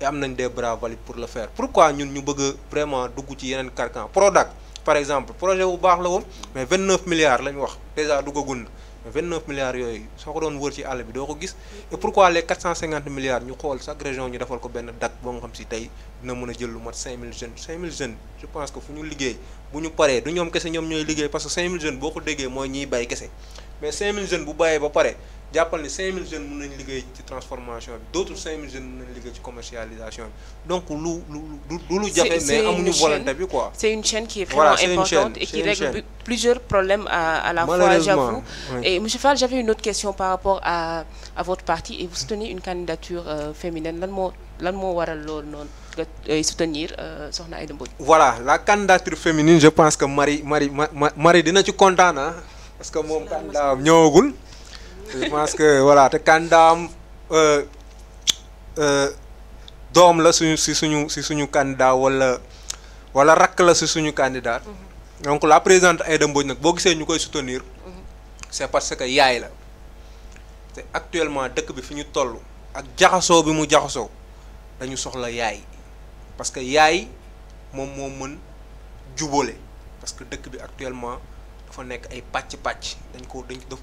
et y des bras valides pour le faire pourquoi nous ñu bëgg vraiment dugg ci carcan product par exemple, le projet bu baax 29 milliards lañ wax PESA du ko gund 29 milliards yooyu soo ko doon wër et pourquoi les 450 milliards nous xool sax région ñu defal ko benn 5 000 jeunes 5 000 jeunes je pense que fu si nous bu ñu paree du ñoom kese ñoom ñooy liggéey parce que 5 000 jeunes nous ko déggee mooy mais 5 000 jeunes bu bayee ba jàppal 5000 jeunes mën nañ de transformation d'autres 5000 jeunes mën nañ commercialisation donc lu lu lu du mais amuñu volonté bi quoi. une chaîne qui est vraiment importante et qui règle plusieurs problèmes à la fois j'avoue et monsieur Fall j'avais une autre question par rapport à à votre parti et vous soutenez une candidature euh, féminine lan moo lan moo waral loolu noonu nga euh, soutenir euh, voilà la candidature féminine je pense que Marie Marie Marie dina ci je ah. parce que moom candidat ñëwagul. je pense que voilà te kandaam euh, euh, doom la suñu si suñu si suñu candidat wala wala rakk la si suñu candidat mm-hmm. donc la présidente Aïda Mbodj nag boo gisee ñu koy soutenir mm-hmm. c'est parce que yaay la te actuellement dëkk bi fi ñu tollu ak jaxasoo bi mu jaxasoo dañu soxla yaay parce que yaay moom moo mën jubale parce que dëkk bi actuellement dafa nekk ay pàcc-pàcc dañ ko dañ def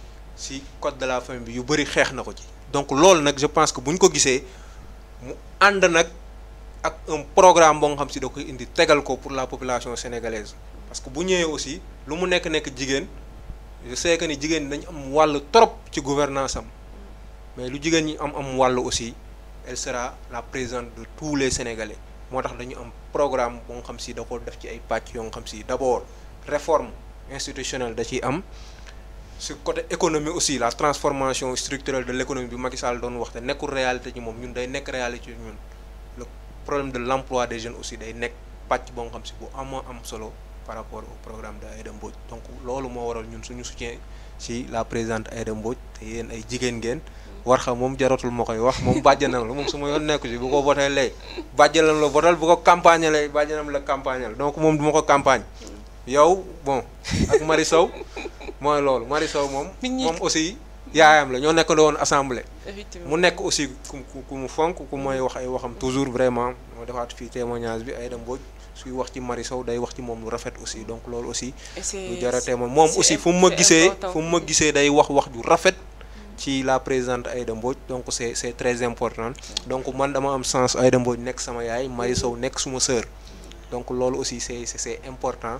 si code de la famille bi yu bari xex na ko ci donc lool nak je pense que buñ ko gisee mu ànd ak un programme bo nga xam si da koy indi tégal ko pour la population sénégalaise parce que bu ñëwé aussi lu mu nekk nekk jigen je sais que ni jigen ñi am wall trop ci gouvernance am mais lu jigen ñi am am wall aussi elle sera la présidente de tous les sénégalais motax dañu am programme bo nga xam si da ko def ci ay patch yo nga xam ci d'abord réforme institutionnelle da ci am ce côté économie aussi la transformation structurelle de l'économie bi Macky Sall doon réalité réalité le problème de l'emploi des jeunes aussi day xam si bu am solo par rapport au programme de donc lolu mo waral ñun suñu soutien ci la présidente ay war koy wax ci bu ko lay Elle bu ko campagne lay la campagne donc elle campagne yow bon ak Marie Sow mooy loolu Marie Sow moom. moom aussi yaayam la ñoo nekkandoo woon assemblée. mu nekk aussi ku ku mu fonk ku mooy wax ay waxam toujours vraiment moo defaat fii témoignage bi ay dem Mbodj suy wax ci Marie day wax ci moom lu rafet aussi donc loolu aussi. lu jar a témoin moom aussi fu mu ma gisee fu mu ma gisee day wax wax ju rafet. ci la présidente Aïda Mbodj donc c' est c' est très important donc man dama am sens Aïda Mbodj nekk sama yaay Marie Sow nekk suma sœur. donc loolu aussi c'est c'est important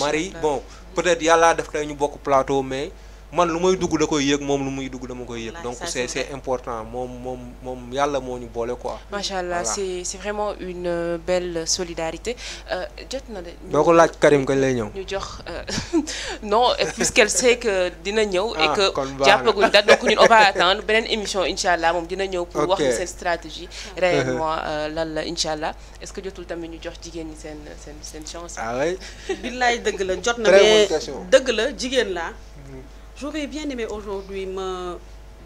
Marie bon peut-être yàlla def na ñu bokk plateau mais man lu muy dugg da koy yëg moom lu muy dugg dama koy yëg donc c'est c'est important moom moom moom yàlla moo ñu boole quoi macha allah c'est c'est vraiment une euh, belle solidarité euh, jot na de doo ko laaj Karim kañ lay ñëw ñu jox euh, non puisqu'elle sait que dina ñëw et ah, que jàppaguñ dat donc ñun on va attendre beneen émission incha allah moom dina ñëw pour wax seen stratégie réellement lan la incha allah est-ce que jotul tamit ñu jox jigéen ñi seen seen seen chance ah billaay dëgg la jot na mais dëgg la jigéen la j'aurais bien aimé aujourd'hui me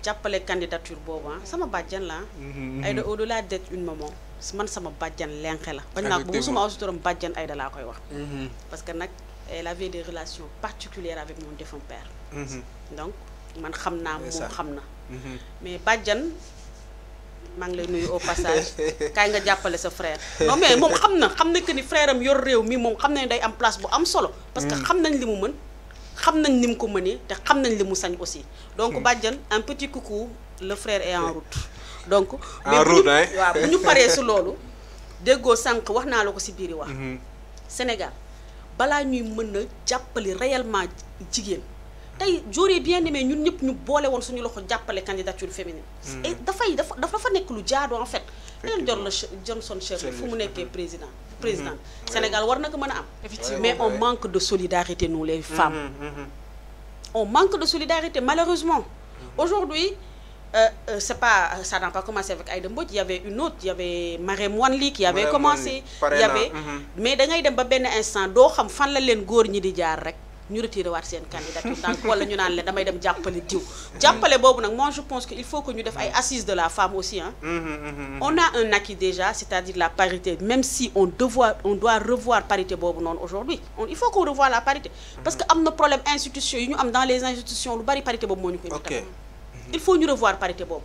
jàppale candidature boobu hein. sama bàjjan la ah. Aïda mm-hmm. au-delà d'être une maman man sama bàjjan lenqe la. bañ naa a beaucoup, suma awsuturam bàjjan Aïda laa koy wax. Mm-hmm. parce que nag elle avait des relations particulières avec mon défunt père. donc man xamna naa xamna mais Badjan, mang lay nuyu au passage kay nga jàppale sa frère non mais mom xamna na que ni frère am yor rew mi mom xam na day am place bu am solo. parce que xamnañ limu meun xam nañ ni mu ko mënee te xam nañ li mu sañ aussi donc hmm. bàjjan un petit coucou le frère est en route donc en route waaw bu ñu paree si loolu déggoo sànq wax naa la ko si biiri wax hmm. Sénégal balaa ñuy mën a jàppale réellement jigéen tey j'aurais bien aimé ñun ñëpp ñu boole woon suñu loxo jàppale candidature féminine hmm. et dafay dafa dafa nekk lu jaadu en fait leen John Johnson Shirley fu mu nekkee président président mm-hmm. Mm-hmm. Sénégal war na ko mais on manque de solidarité nous les mm-hmm. femmes on manque de solidarité malheureusement aujourd'hui euh, euh, c'est pas, ça n'a pas commencé avec Aïda il y avait une autre, il y avait Marie Wanli qui avait commencé, il y avait, mm -hmm. mais d'un instant, do xam fan la len goor ñi di un rek ñu retirer waat seen candidature donc wala ñu naan le damay dem jàppale diw jàppale bobu nak moi je pense que il faut que ñu def ay assises de la femme aussi hein hum, hum, hum, on a un acquis déjà c'est-à-dire la parité même si on devoir on doit revoir parité bobu non aujourd'hui il faut qu'on revoie la parité parce que amna problème institution yi ñu am dans les institutions lu bari parité boobu moo ñu koy il faut ñu revoir parité bobu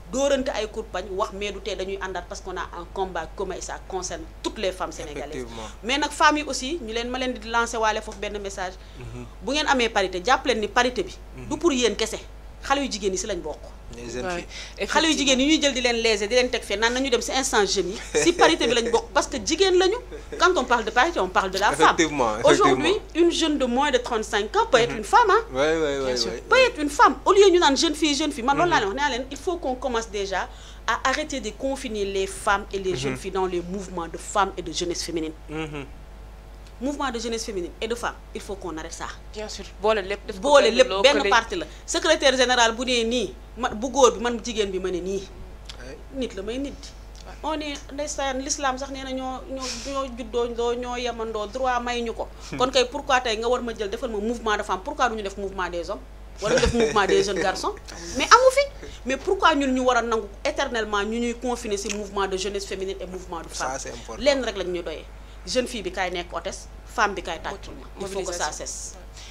dóorante ay kurpañ wax mais du tee dañuy àndaat parce qu'on a un combat commun et ça concerne toutes les femmes sénégalaises mais nag femmes yi aussi ñu leen ma leen di lancer waale foofu benn message mhm. bu ngeen amee parité jàpp ni parité bi mhm. du pour yéen kese xale yu jigéen yi si lañ bokk les jeunes filles et xale ñuy jël di leen léser di leen si jeunes filles si parité bi lañ bokk parce que jigéen lañu quand on parle de parité on parle de la femme aujourd'hui une jeune de moins de 35 ans peut être une femme Oui, hein. oui. bien sûr peut être une femme au lieu de nous jeune fille jeune fille man loolu mm-hmm. il faut qu'on commence déjà à arrêter de confiner les femmes et les mm-hmm. jeunes filles dans les mouvements de femmes et de jeunesse féminine mm-hmm. mouvement de jeunesse féminine et de femmes il faut qu'on arrête ça bien sûr Bon, les boole lépp les parti la secrétaire général boudé ni man bu góor bi man jigéen bi ma ne nii eh. nit la may nit on est ndeysaan l'islam sax nee na ñoo ñoo ñoo juddoo ñoo yemandoo droit may ñu ko hmm. kon kay pourquoi tey nga war ma jël defal ma mouvement de femme pourquoi du ñu def mouvement des hommes wala mais amu fi mais pourquoi ñun ñu war a nangu éternellement ñu ñuy confiner ci mouvement de jeunesse féminine et mouvement de femme lenn rek lañ ñu doyee jeune fille bi kaay nekk hôtesse femme bi kaay tàcc il faut que ça cesse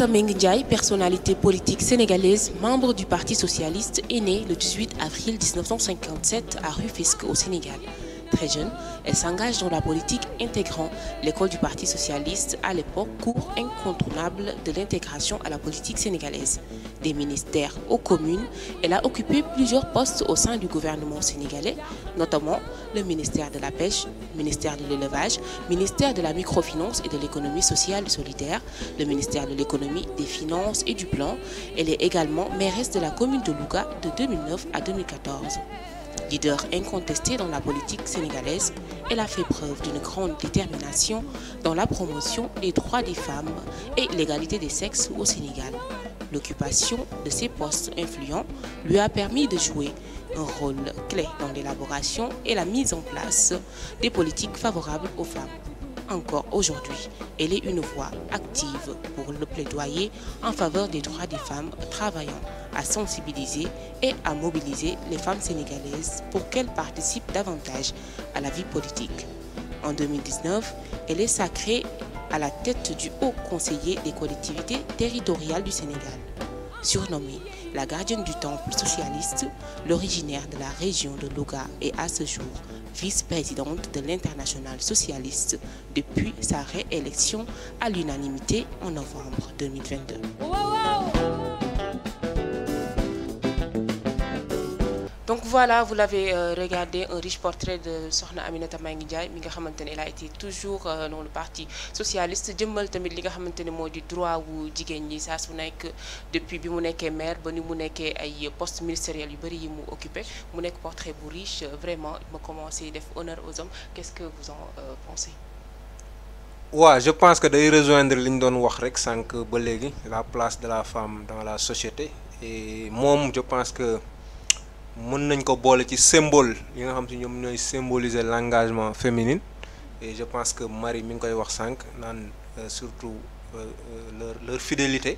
Atameng personnalité politique sénégalaise, membre du Parti socialiste, est né le 18 avril 1957 à Rufisque au Sénégal très jeune, elle s'engage dans la politique intégrant l'école du Parti socialiste à l'époque, cours incontournable de l'intégration à la politique sénégalaise. Des ministères aux communes, elle a occupé plusieurs postes au sein du gouvernement sénégalais, notamment le ministère de la Pêche, ministère de l'Élevage, ministère de la Microfinance et de l'Économie sociale et solidaire, le ministère de l'Économie, des Finances et du Plan. Elle est également mairesse de la commune de Louga de 2009 à 2014. Leader incontesté dans la politique sénégalaise, elle a fait preuve d'une grande détermination dans la promotion des droits des femmes et l'égalité des sexes au Sénégal. L'occupation de ces postes influents lui a permis de jouer un rôle clé dans l'élaboration et la mise en place des politiques favorables aux femmes encore aujourd'hui. Elle est une voix active pour le plaidoyer en faveur des droits des femmes travaillant à sensibiliser et à mobiliser les femmes sénégalaises pour qu'elles participent davantage à la vie politique. En 2019, elle est sacrée à la tête du Haut Conseiller des collectivités territoriales du Sénégal. Surnommée la gardienne du temple socialiste, l'originaire de la région de Louga est à ce jour vice-présidente de l'international socialiste depuis sa réélection à l'unanimité en novembre 2022. donc voilà vous l'avez euh, regardé un riche portrait de Sohna Aminata Mbengue Ndiaye mi elle a été toujours euh, dans le parti socialiste Je me li nga que ne droit wu jigéen ñi su depuis bi mu nekkee maire ba ni mu poste ministériel yu bëri yi mu occupé mu portrait bu riche vraiment ma commencé faire honneur aux hommes qu'est-ce que vous en euh, pensez Oui, ouais, je pense que day rejoindre Lindon ñu doon que rek la place de la femme dans la société et moi, je pense que mën nañ ko boole ci symbole yi nga xam si ñoom ñooy symboliser l'engagement féminin et je pense que Marie mi ngi koy wax sànq naan euh, surtout euh, euh, leur leur fidélité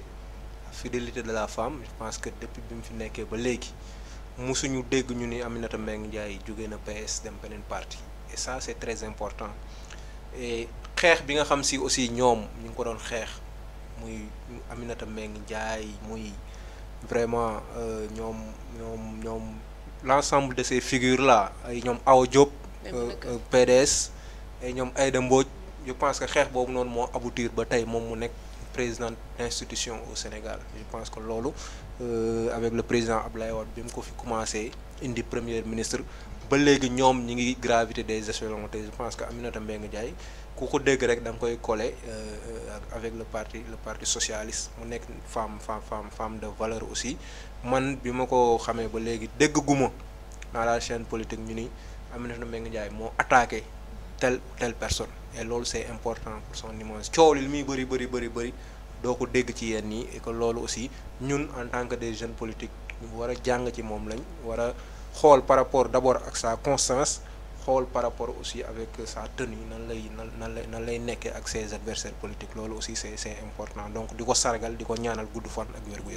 fidélité de la femme je pense que depuis bi mu fi nekkee ba léegi musuñu dégg ñu ni Aminata Mbengue Ndiaye jóge na PS dem beneen parti et ça c'est très important et xeex bi nga xam si aussi ñoom ñu ngi ko doon xeex muy Aminata Mbengue Ndiaye muy vraiment ñoom ñoom ñoom l'ensemble de ces figures là ay y a Diop euh, euh, PDS ay Aïda je pense que xex bobu non mo aboutir ba tay mom mu nek président d'institution au Sénégal je pense que Lolo, euh, avec le président Abdoulaye Wade bim commencé ko fi commencé indi premier ministre ba léegi ñoom ñi ngi gravité des échelons te que Aminata Mbengue Ndiaye ku ko dégg rek da nga koy collé euh, avec le parti le parti socialiste mu nekk femme femme femme femme de valeur aussi man bi ma ko xamee ba léegi dégguma dans la chaîne politique ñu ni Aminata Mbengue jaay moo attaqué telle telle personne et loolu c'est important pour ni image coow li muy bëri bëri bëri bëri doo ko dégg ci yenn yi et que loolu aussi ñun en tant que des jeunes politiques ñu war a jàng ci moom lañ war a par rapport d'abord à sa conscience par rapport aussi avec sa tenue nan lay nan lay nan ak ses adversaires politiques lolu aussi c'est c'est important donc diko sargal diko gudd fan ak gu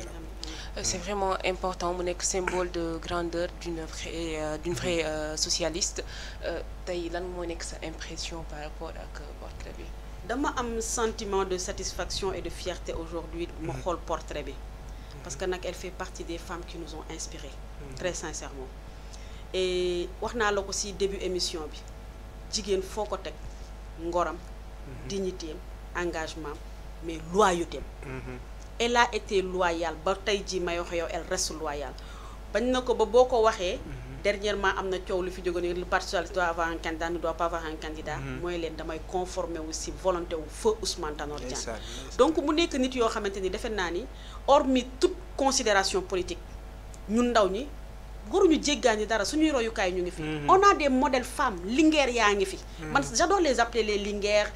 euh, c'est vraiment important mu un symbole de grandeur d'une vraie euh, d'une vraie euh, socialiste tay lan mo nek sa impression par rapport ak portrait bi dama am sentiment de satisfaction et de fierté aujourd'hui mo mm-hmm. xol portrait bi parce que nak elle fait partie des femmes qui nous ont inspirées mm-hmm. très sincèrement et eh, wax naa aussi ci début émission bi jigen foko tek ngoram mhm. dignité, engagement mais loyauté. Mhm. elle a été loyale ba tay ji may wax yow elle reste loyale bagn nako ba boko ko mhm. dernièrement amna ciow lu fi jogone le parti doit avoir un candidat ne doit pas avoir un candidat moy len damay conformer aussi volonté wu feu Ousmane Tanor temps. donc mu nek nit yo xamanteni ni ni hormis toute considération politique ñun ndaw ni waruñu jéggaani dara suñuy kay ñu ngi fi. Mhm. on a des modèles femmes linguère yaa ngi fi. Mhm. man j'adore les appeler les linguères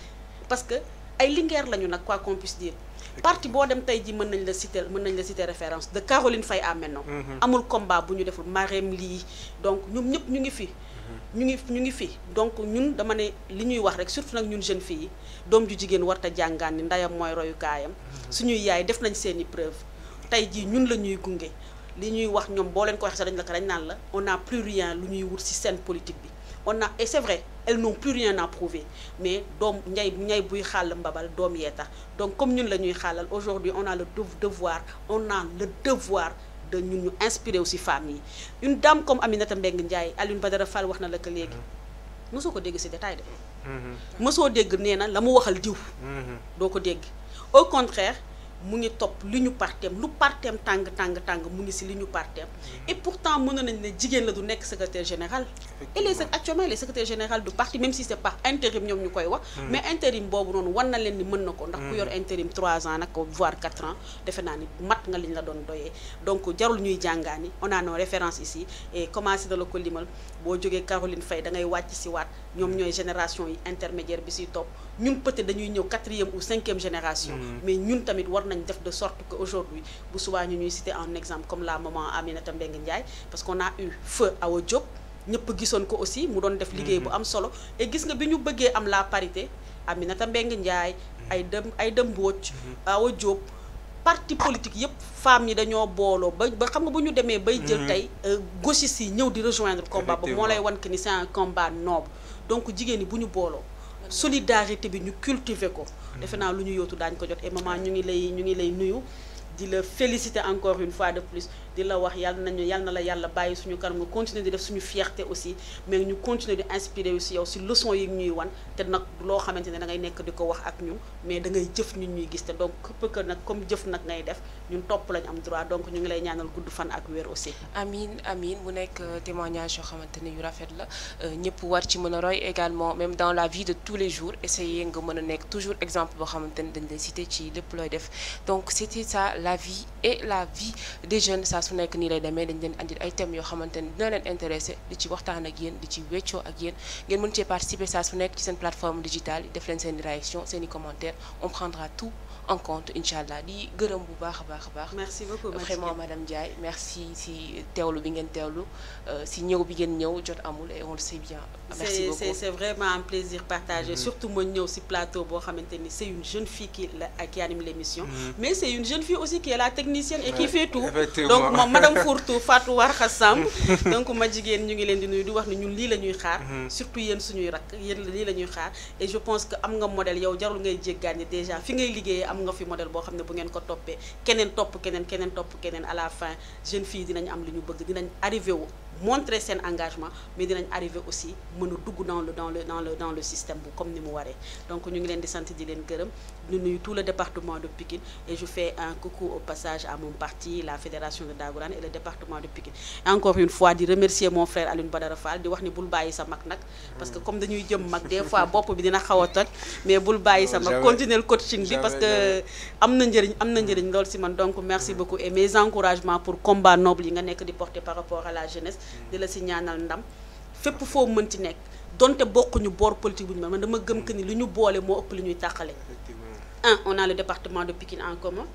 parce que ay linguère lañu nak quoi qu'on puisse dire. parti bo dem tay ji mën nañ la citer mën nañ la citer référence de Caroline Faye à maintenant mhm. amul combat buñu deful Marème lii donc ñoom ñep ñu ngi fi. ñu ngi ñu ngi fi donc ñun dama né li ñuy wax rek surtout nak ñun jeune fille dom ju jigen warta ta jàngaan ni ndeyam mooy royukaayam. suñuy yaay def nañ seeni preuve tay ji ñun la ñuy gunge li ñuy wax ñom bo leen ko wax sa dañ la ko dañ naan la on n'a plus rien lu ñuy wut ci scène politique bi on a et c'est vrai elles n'ont plus rien à prouver mais dom ñay ñay buy xal mbabal dom yeta donc comme ñun la ñuy xalal aujourd'hui on a le devoir on a le devoir de ñun ñu inspirer aussi femme yi une dame comme Aminata mbeng Ndiaye aline Badara Fall wax na la ko léegi mm-hmm. mosoo ko dégg ci détail de mm-hmm. mosoo dégg nee na la mu waxal diw hmm doko dégg au contraire mu top l'union partem, thème parteem lu thème tang tang tang mu si par thème mm-hmm. et pourtant mënoon nañ ne jigéen la du secrétaire général et les actuellement les secrétaire général du parti même si c'est pas intérim ñoom ñu koy wax mm. mais intérim boobu noonu war na leen ni mën na mm. intérim 3 ans voire 4 ans defe naa ni mat nga liñ la doon doyee donc jarul ñuy jàngaani on a nos références ici et commencé dans le ko limal boo jógee Caroline Faye da ngay wàcc si ñoom ñoy génération intermédiaire bi ci top ñun peut-être dañuy ñëw quatrième ou cinquième génération mm-hmm. mais ñun tamit war nañ def de sorte que aujourd'hui bu subaa ñu ñuy citer en exemple comme la maman Aminata Mbengue Ndiaye parce qu'on a eu feu Awa Diop ñëpp gisoon ko aussi mu doon def liguey bu mm-hmm. am solo et gis nga biñu ñu am la parité Aminata Mbengue Ndiaye ay dem ay dem Mbodj mm-hmm. awo Diop parti politique yëpp femme yi dañoo booloo ba xam nga bu ñu demee bay jël tey euh, gauchistes yi ñëw di rejoindre combat ba moo lay wan que ni c'est un combat noble donc jigéen ñi bu ñu booloo solidarité bi ñu cultiver ko defe na lu ñu yootu daañ ko jot et maman ñu ngi lay ñu ngi lay nuyu di le féliciter encore une fois de plus dila la wax yàlla nañu yàlla la yàlla bàyyi suñu kanam nga continuer di def suñu fierté aussi mais ñu continuer de inspirer aussi aussi yow si leçon yi ñuy wan te nak lo xamante ne da ngay nekk diko wax ak ñun mais da ngay jëf ñun ñuy gis donc peu que nak comme jëf nak ngay def ñun top lañ am droit donc ñu ngi lay ñaanal gudd fan ak wér aussi. Amin, Amin, mu nekk euh, témoignage yoo xamante ne yu rafet la euh, ñëpp war ci mën roy également même dans la vie de tous les jours essayer nga mën a nekk toujours exemple bo xamante ne dañ lay cité ci lépp def donc c'était ça la vie et la vie des jeunes ça su nekk nii lay ay leen intéressé di ci waxtaan ak di participer su plateforme digitale def leen seen réaction seen commentaires. on prendra tout en compte incha merci beaucoup vraiment madame merci si teewlu bi ngeen euh, si ñëw bi ngeen ñëw jot amul et on le sait bien. Ah, c'est vraiment un plaisir partagé mm-hmm. surtout ma aussi plateau boo xamante ni c'est une jeune fille qui la qui anime l'émission mm-hmm. mais c'est une jeune fille aussi qui est la technicienne et qui fait tout donc madame Fourtou Fatou Warkha donc ma dit ñu ngi leen di nuyu nous wax ne ñun la xaar mm-hmm. surtout yéen suñuy rakk yéen lii la ñuy xaar et je pense que am nga modèle yow jarul ngay jéggaani déjà fi ngay liggéeyee am nga fi modèle bo xamné ne bu ngeen ko topé kenen top kenen kenen top kenen à la fin jeune fille dinañ am li ñu bëgg dinañ arrivé montrer son engagement mais dinañ arriver aussi à nous dans le dans le dans le dans le système comme nous le donc nous, sommes leen di Santé di sommes gërëm tout le département de Pikine et je fais un coucou au passage à mon parti la fédération de Dagourane et le département de Pikine encore une fois je remercier mon frère Alun Badara Fall di wax ni bul bàyyi sa mag parce que comme nous jëm des fois beaucoup bi dina mais bul pas sa je continuer le coaching parce que je suis des donc merci mm. beaucoup et mes encouragements pour combat noble yi nga nekk porter par rapport à la jeunesse de la si ñaanal ndam fépp fo mën ci nekk donte ñu bor politique bu ñu man dama gëm que ni lu ñu boole moo ëpp lu ñuy tàqale. un on a le département de Pikine en commun.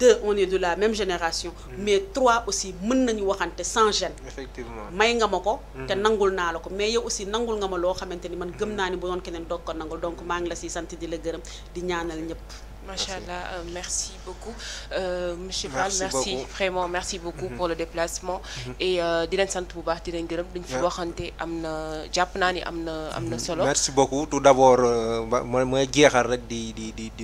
deux on est de la même génération. Mm-hmm. mais trois aussi meun nañu waxanté sans gêne. effectivement may nga ma ko. te mm-hmm. nangul na la ko mais yow aussi nangul nga ma loo ni man gëm na ni bu doon keneen dokko nangul donc ma ngi la ci sant di la gëreum di ñaanal ñëpp. Machallah, euh, merci beaucoup. Euh, Monsieur Fall, merci, beaucoup. vraiment, merci beaucoup mhm. pour le déplacement. Mhm. Et euh, di leen sant bu baax di leen gërëm. duñ fi waxante am na mhm. solo. merci beaucoup tout d'abord, moi je may jeexal rek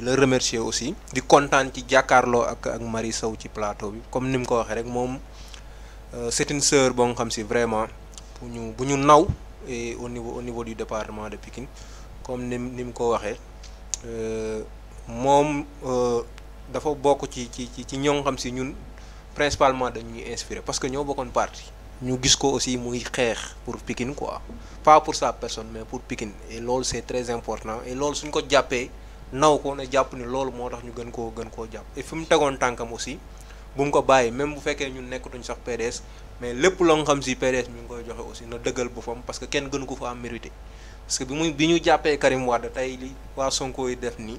le remercier aussi. di kontaan ci jàkkaarloo ak ak Marie Sow ci plateau bi comme nous mu ko waxee rek moom euh, c' est une sœur boo nga si vraiment pour ñu bu ñu naw et au niveau au niveau du département de Pikine comme nous ni mu ko moom euh, dafa bokk ci ci ci ñoo xam si ñun principalement dañuy inspiré parce que ñoo bokkoon parti ñu gis ko aussi muy xeex pour Pikine quoi pas pour sa personne mais pour Pikine et loolu c'est très important et loolu suñ ko jàppee naw ko ne jàpp ni loolu moo tax ñu gën koo gën koo jàpp fu mu tegoon tànkam aussi bu mu ko bàyyi même bu fekkee ñun nekkatuñ sax PDS mais lépp loo nga xam si PDS mi ngi koy joxe aussi na dëggal boppam parce que kenn gënu ko fa am mérité parce que bi muy bi ñu jàppee Karim Wade tey li waa Sonko def nii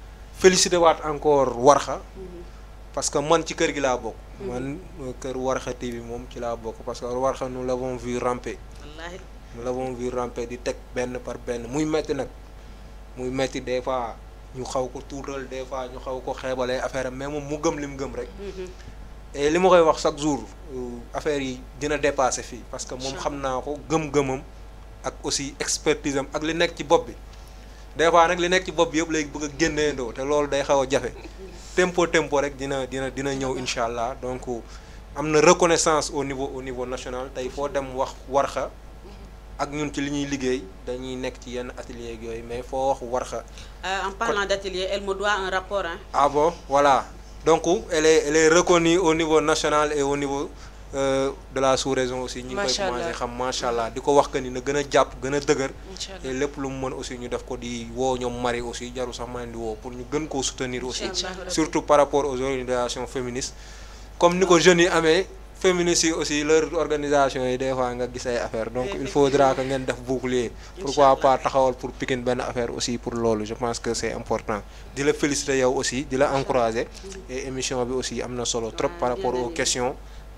félicité encore warxa mhm. parce que je ci kër mhm. man euh, TV parce que nous l'avons vu ramper. nous l'avons vu ramper di tek par ben. muy metti muy des fois ñu xaw ko des fois ñu xaw affaire mu mhm. et koy wax chaque jour euh, affaire yi dina parce que mom aussi expertise ak des fois nag li nekk ci bopp yëpp léegi bëgg a génneendoo te loolu day xaw a jafe tempo tempo rek dina dina dina ñëw incha allah donc am na reconnaissance au niveau au niveau national tey foo dem wax war xa ak ñun ci li ñuy liggéey dañuy nekk ci yenn atelier yooyu mais foo wax warxa. Euh, en parlant d'atelier elle doit un rapport hein. ah bon voilà donc elle est elle reconnue au niveau national et au niveau. Euh, de la sous-région aussi ñi koy commencé xam macha allah di ko wax que ni na gën a jàpp gën a dëgër lépp lu mu mën aussi ñu def ko di woo ñoom Marie aussi jaru sax maa di woo pour ñu gën ko soutenir aussi surtout par rapport aux organisations féministes comme ni ko jeunes yi amee féministes yi aussi leur organisation yi des fois nga gis ay donc il faudra que ngeen def bouclier pourquoi pas taxawal pour Pikine benn affaire aussi pour loolu je pense que c'est important di la féliciter yow aussi di la encourager et émission bi aussi am na solo trop par rapport au questions